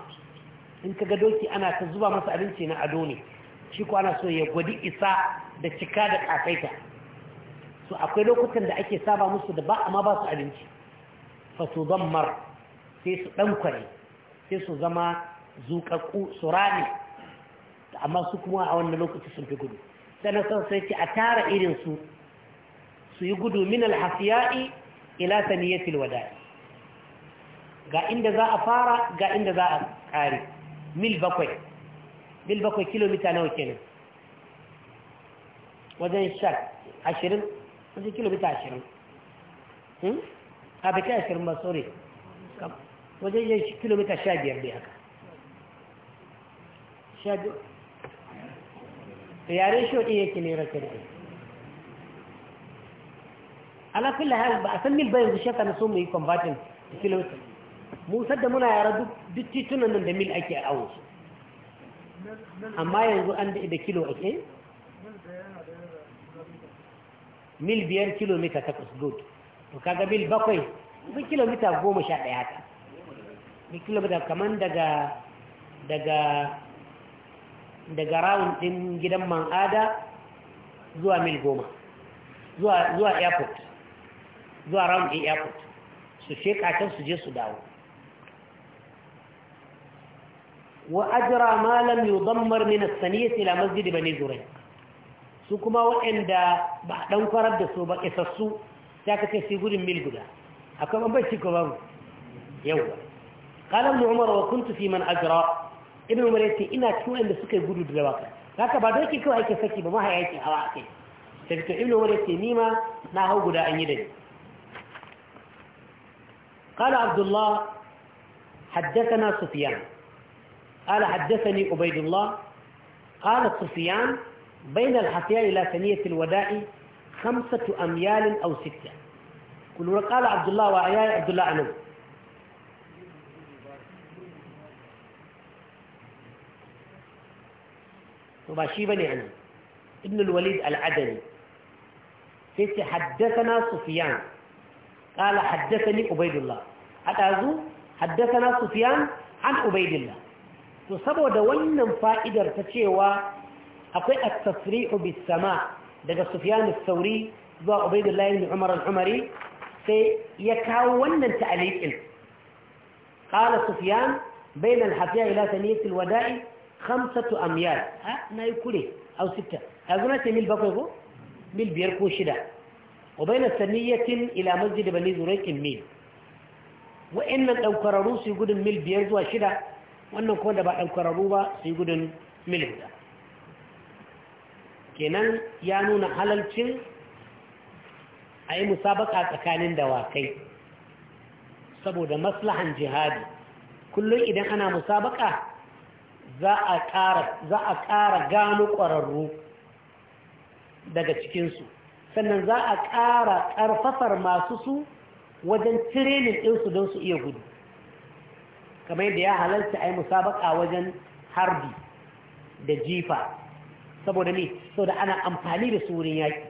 in ka ga doki ana ta zuba masa abinci na ado ne shi ko ana so ya gwadi isa da cika da kafaita so akwai lokutan da ake saba musu da ba amma ba su abinci fa su zammar sai su dan kware sai su zama zuƙaƙƙu surani amma su kuma a wannan lokaci sun fi gudu sannan sun sai ce a tara irin su su yi gudu min alhafiya'i ila saniyatil wada'i ga inda za a fara ga inda za a ƙare mil bakwai mil bakwai kilomita nawa kenan wajen sha ashirin wajen kilomita ashirin hmm? a bakin ashirin ba sorry wajen kilomita sha biyar da haka sha yare shi yake ne raka da ala kulle hal ba a san mil bayan shaka na so mu yi convertin da kilometer mu sadda muna yara duk titunan nan da mil ake a awo amma yanzu an da da kilo ake mil biyar kilomita takwas good to kaga mil bakwai kuma kilomita goma sha ɗaya ta bi kilomita kamar daga daga daga rawun din gidan man'ada zuwa mil goma zuwa airport zuwa rawun din airport su sheƙa can su je su dawo wa ma lam yudammar min as-saniyah ila masjid bani zurai su kuma waɗanda ba a ɗan kwarar da su ba isassu ta ka ce gudun mil guda akwai ɓambar shi ko babu yau ba ƙalar umar wa kuntu fi man ajira ibn umar ya ce ina cikin wanda suka yi gudu da dawaka haka ba doki kawai ake saki ba mahaya yake hawa akai sai to ibn umar ya ce ni ma na hau guda an yi da ni قال عبد الله حدثنا سفيان قال حدثني عبيد الله قال سفيان بين الحفياء إلى ثنية الوداع خمسة أميال أو ستة كل قال عبد الله وعياي عبد الله عنه to ba shi ne anan ibn al-walid al'adari sai ce haddathana sufyan qala haddathani ubaidullah adazu haddathana sufyan an ubaidullah to saboda wannan fa'idar ta cewa akwai at-tasri'u bis daga sufyan sauri zuwa ubaidullah ibn umar al'umari umari sai ya kawo wannan ta'aliƙin qala sufyan bayna hafiya ila saniyat al-wada'i khamsatu amyal a na yi kure au sita ka na ce mil bakwai ko mil biyar ko shida wa bayna saniyatin ila masjid bani zuraikin mil ɗan ɗaukararru su yi gudun mil biyar zuwa shida wannan ko da ba ɗaukararru ba su yi gudun mil huda kenan ya nuna halalcin a yi musabaka tsakanin dawakai saboda maslahan jihadi kullum idan ana musabaka za a ƙara gano ƙwararru daga cikinsu sannan za a ƙara ƙarfafar masu su wajen tirenin ɗinsu don su iya gudu kamar yadda ya halarci, a yi musabaka wajen harbi da jifa saboda ne saboda ana amfani da su yaƙi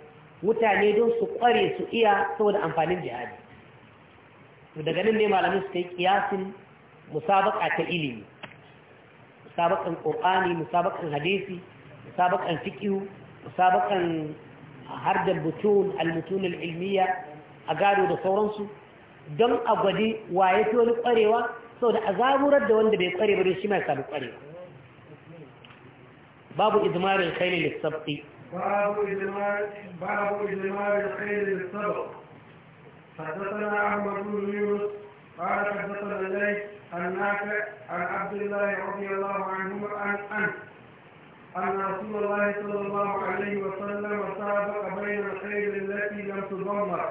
mutane don su ƙware su iya saboda amfanin jihadi daga nan ne malamin su ta yi ƙiyasin musabaka ta ilimi musabakan qur'ani musabakan hadisi musabakan fiqh musabakan hardal butun al-mutun al-ilmiya a gado da sauransu don a gwade ya fi wani ƙwarewa? sau da a zaburar da wanda bai ƙware ba don shi mai sami ƙwarewa. babu izmarin khailin lissafi babu izmarin khailin lissafi حدثنا أحمد بن يونس قال حدثنا إليه عن نافع عن عبد الله رضي الله عنهما عن أنس أن رسول الله صلى الله عليه وسلم سابق بين الخيل التي لم تدمر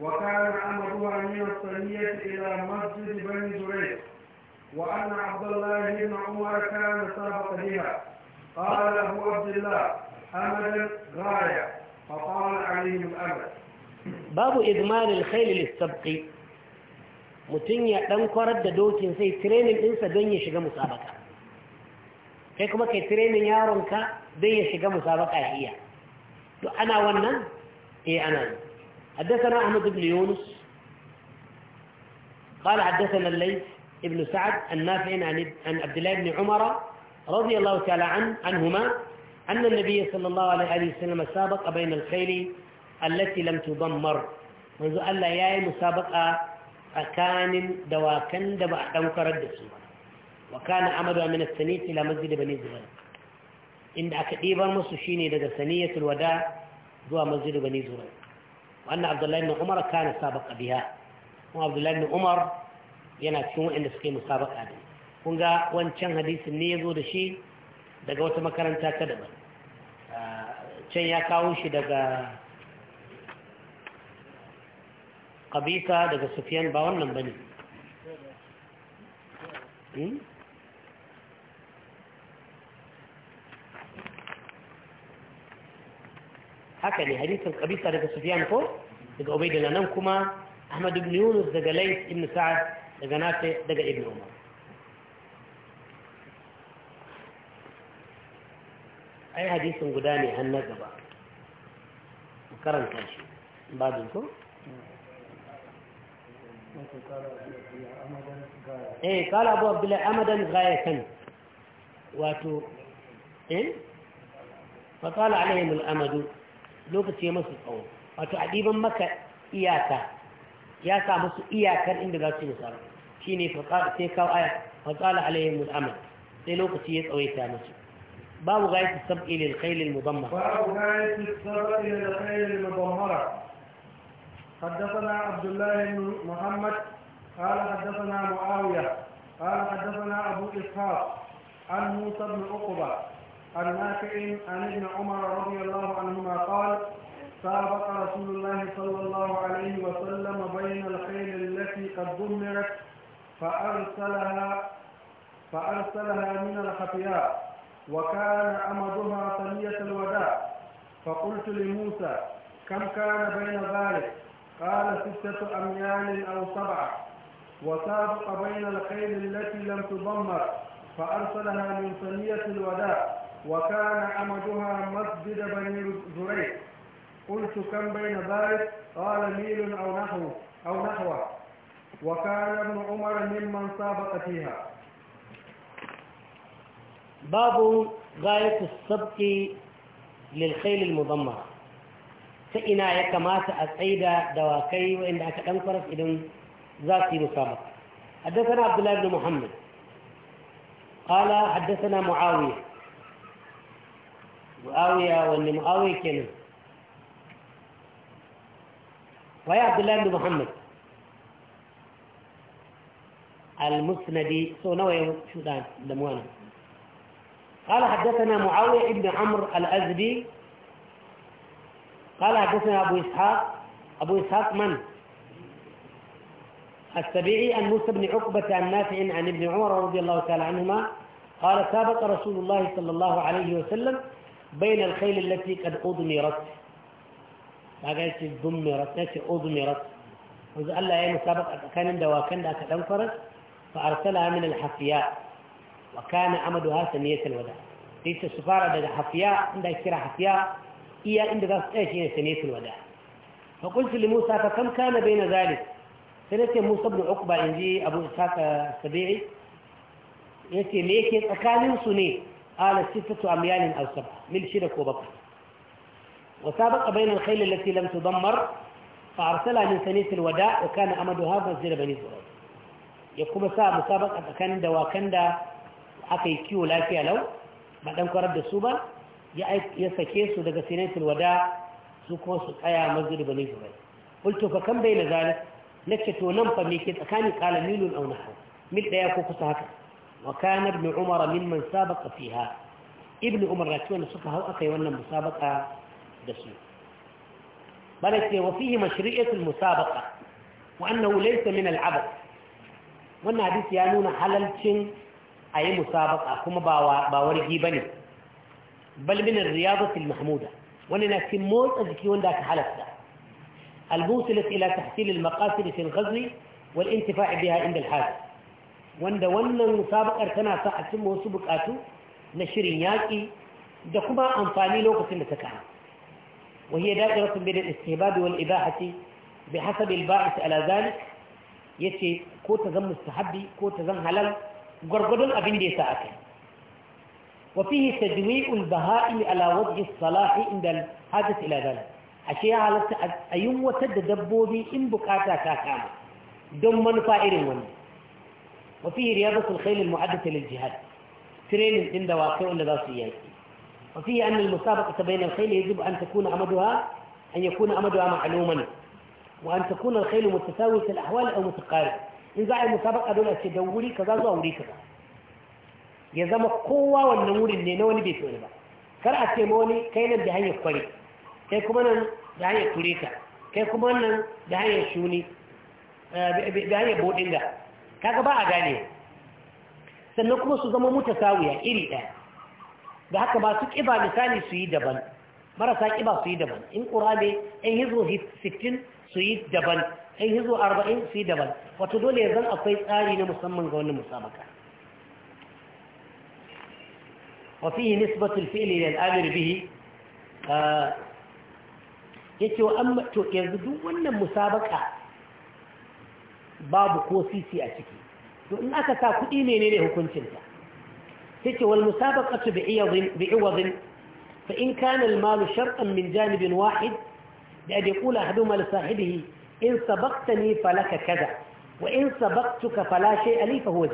وكان أمرها من الصينية إلى مسجد بني زريق وأن عبد الله بن عمر كان سابق بها قال له عبد الله أمدا غاية فقال عليه الأمد باب إدمان الخيل للسبق mutum ya ɗan kwarar da dokin sai tirenin ɗinsa don ya shiga musabaka kai kuma kai tirenin yaronka don ya shiga musabaka ya iya to ana wannan eh ana حدثنا أحمد بن يونس قال حدثنا الليث ابن سعد النافع عن عبد الله بن عمر رضي الله تعالى عنه عنهما أن النبي صلى الله عليه وسلم سابق بين الخيل التي لم تضمر منذ أن لا ياي مسابقة tsakanin dawakan da ba a ɗaukarar da su ba wa kana amadu amina sani ila masjid bani zubair inda aka ɗibar musu shine daga saniyatul wada zuwa masjid bani zubair wa anna abdullahi ibn umar kana sabaqa biha kuma abdullahi ibn umar yana cikin waɗanda suke musabaqa da kun ga wancan hadisin ne ya zo da shi daga wata makaranta ta daban ah, can ya kawo shi daga قبيثة دقى سفيان باور نمبني لي يعني حديث القبيثة دقى سفيان فو دقى عبيد الله نمكما أحمد بن يونس دقى ليس ابن سعد دقى نافع دقى ابن عمر أي حديث قداني عن نقبة مكرم كاشي بعد الكم eh kala abu abdullahi amadan ghayatan wato eh fa kala alaihim al-amadu lokaci ya masu tsawo wato a ɗiban maka iyaka ya sa musu iyakar inda za su yi samu shi ne sai kawo aya fa kala alaihim al-amad sai lokaci ya tsawo tsawaita musu babu gayatu sab'i lil khayl al-mudammara babu gayatu sab'i lil khayl al-mudammara حدثنا عبد الله بن محمد قال حدثنا معاوية قال حدثنا أبو إسحاق عن موسى بن عقبة عن نافع عن ابن عمر رضي الله عنهما قال سابق رسول الله صلى الله عليه وسلم بين الخيل التي قد دمرت فأرسلها فأرسلها من الخفياء وكان أمدها ثنية الوداع فقلت لموسى كم كان بين ذلك قال ستة أميال أو سبعة وسابق بين الخيل التي لم تضمر فأرسلها من ثنية الوداع وكان عمدها مسجد بني زريق قلت كم بين ذلك قال ميل أو نحو أو نحوه وكان ابن عمر ممن سابق فيها باب غاية السبق للخيل المضمرة ta ina ya kamata a tsaida dawakai wa'inda aka ɗan kwaras idan za su yi musabaka حدثنا عبد الله بن محمد قال حدثنا معاوية معاوية وان معاوية كنا ويا عبد الله بن محمد المسندي سونوي شو دان دموانا قال حدثنا معاوية بن عمرو الأزدي قال حدثنا أبو إسحاق أبو إسحاق من؟ السبيعي عن موسى بن عقبة عن نافع عن ابن عمر رضي الله تعالى عنهما قال سابق رسول الله صلى الله عليه وسلم بين الخيل التي قد أضمرت ما قالت ضمرت ناس أضمرت وإذا قال لها يعني سابق كان عندها دواكن ذاك الأنفرس فأرسلها من الحفياء وكان أمدها سمية الوداع ليس السفارة حفياء عندها كثير حفياء iya inda za su tsaya shi ne sanatul wada fa musa fa kam kana baina zalik sai nace musa ibn uqba inji abu isaka Ya yace me yake tsakanin su ne ala sittatu amyalin aw sab'a mil shida ko bakwai wa sabaqa baina al-khayl allati lam mar. fa arsala min sanatul wada wa kana amadu hadha zira bani zurai ya kuma sa musabaqa tsakanin dawakan da aka yi kiwo lafiya lau ba ɗan kwarar da su ba ya sake su daga sinatul wada su kuma su tsaya masjid bani zubair qultu fa kam bayna zalik ce to nan fa me ke tsakanin qala milun aw mil daya ko kusa haka wa kana ibn umar mimman sabaqa fiha ibn umar rati wanda suka hau akai wannan musabaqa da su bala ce wa fihi mashri'atul musabaqa wa annahu laysa min al'abad wannan hadisi ya nuna halalcin ayi musabaqa kuma ba ba wargi bane bal min ar-riyadati al-mahmuda wannan na cikin motsa jiki wanda aka halatta al-musilat ila tahsil al-maqasid fi al-ghazw wal intifa' biha al-hadith wanda wannan musabakar tana sa a wasu bukatu na shirin yaƙi da kuma amfani lokacin da ta kama وهي دائرة بين الاستهباب والإباحة بحسب الباعث على ذلك يتي كو تزم مستحبي كو تزم حلال غرغدون أبين دي ساعتين وفيه تجويع البهائم على وجه الصلاح عند الحاجة إلى ذلك أشياء على أيوم وتدبوبي إن بكاتا كاكام دم من فائر ون وفيه رياضة الخيل المعدة للجهاد ترين عند واقع لذا سياسي يعني. وفيه أن المسابقة بين الخيل يجب أن تكون عمدها أن يكون عمدها معلوما وأن تكون الخيل متساوية الأحوال أو متقارب إن زعي المسابقة دولة تدوري كذا زوري كذا ya zama kowa wannan wurin ne na wani bai fi ba kar a ce wani kai nan da hanyar kwari kai kuma nan da hanyar tureta kai kuma nan da hanyar shuni eh, da hanyar bodinga kaga ba a gane sannan kuma su zama muta sawuya iri ɗaya da haka ba su ƙiba misali su yi daban marasa ƙiba su yi daban in ƙura ne in hizo 60 su yi daban in hizo 40 su yi daban wato dole ya zan akwai tsari na musamman ga wani musamaka وفيه نسبة الفعل إلى الآمر به yake wa an mato yanzu duk wannan musabaka babu ko sisi a ciki to in aka sa kuɗi menene hukuncinta take wal musabaqatu bi'iwadin fa in kana al malu shartan min janibin wahid da ya kula haduma li sahibihi in sabaqtani falaka kaza wa in ka fala shay'a li fa huwa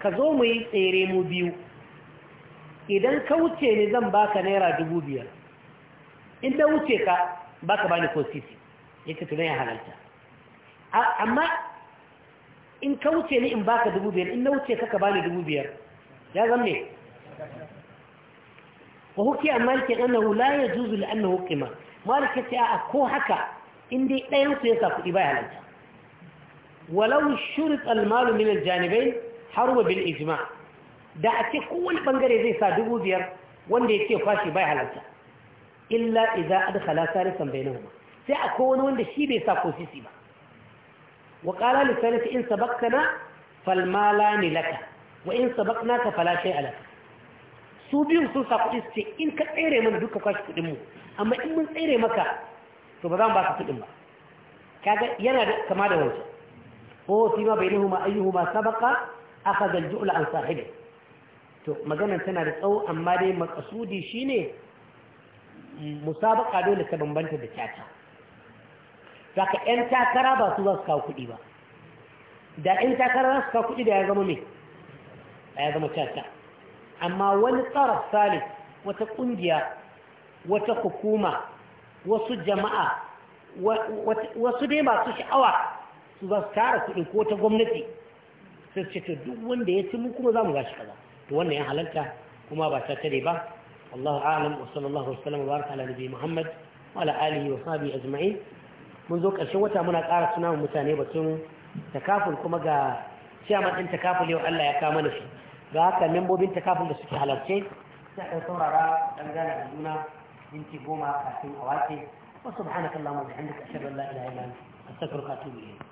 ka zo mu yi tsere mu biyu idan ka wuce ne zan baka naira dubu biyar in da wuce ka baka bani ko sisi ya ce tunan ya halarta amma in ka wuce ni in baka dubu biyar in na wuce ka ka bani dubu biyar ya zan ne wa hukiya malikin annahu la ya juzu da annahu qima malik ya ce a ko haka in dai ɗayan su ya sa kuɗi ba ya halarta walau shurit almalu min aljanibai har wa bil ijma da a ce kowane bangare zai sa dubu biyar wanda ya ce kwashi bai halarta illa idza adkhala salisan bainahuma sai akwai wani wanda shi bai sa ko sisi ba wa qala li salati in sabaqtana fal malani laka wa in sabaqnaka fala shay'a laka su biyun sun sa kuɗi su ce in ka tsere mana duka kwashi kuɗin mu amma in mun tsere maka to ba za mu baka kuɗin ba kaga yana da kama da wancan ko fi ma bainahuma ayyuhuma sabaqa akhadha al-ju'la an sahibi to maganar tana da tsawo amma dai makasudi shine musabaka dole ta bambanta da caca saka yan takara ba su za kawo kuɗi ba da yan takara za su kawo kuɗi da ya zama me ya zama caca amma wani tsaraf salif wata ƙungiya wata hukuma wasu jama'a wasu dai masu sha'awa su za su tara kuɗi ko ta gwamnati sai ce ta duk wanda ya ci mu kuma za mu ba kaza to wannan ya halarta kuma ba ta tare ba wallahu a'lam wa sallallahu wasallam wa baraka ala nabi muhammad wa ala alihi wa ajma'in mun zo wata muna ƙara tuna mutane batun takaful kuma ga ciyaman takaful yau Allah ya kama mana ga haka membobin takaful da suke halarce sai saurara ɗan gana juna goma kafin a wace subhanakallahumma wa bihamdika ashhadu an la ilaha illa anta astaghfiruka wa atubu ilayk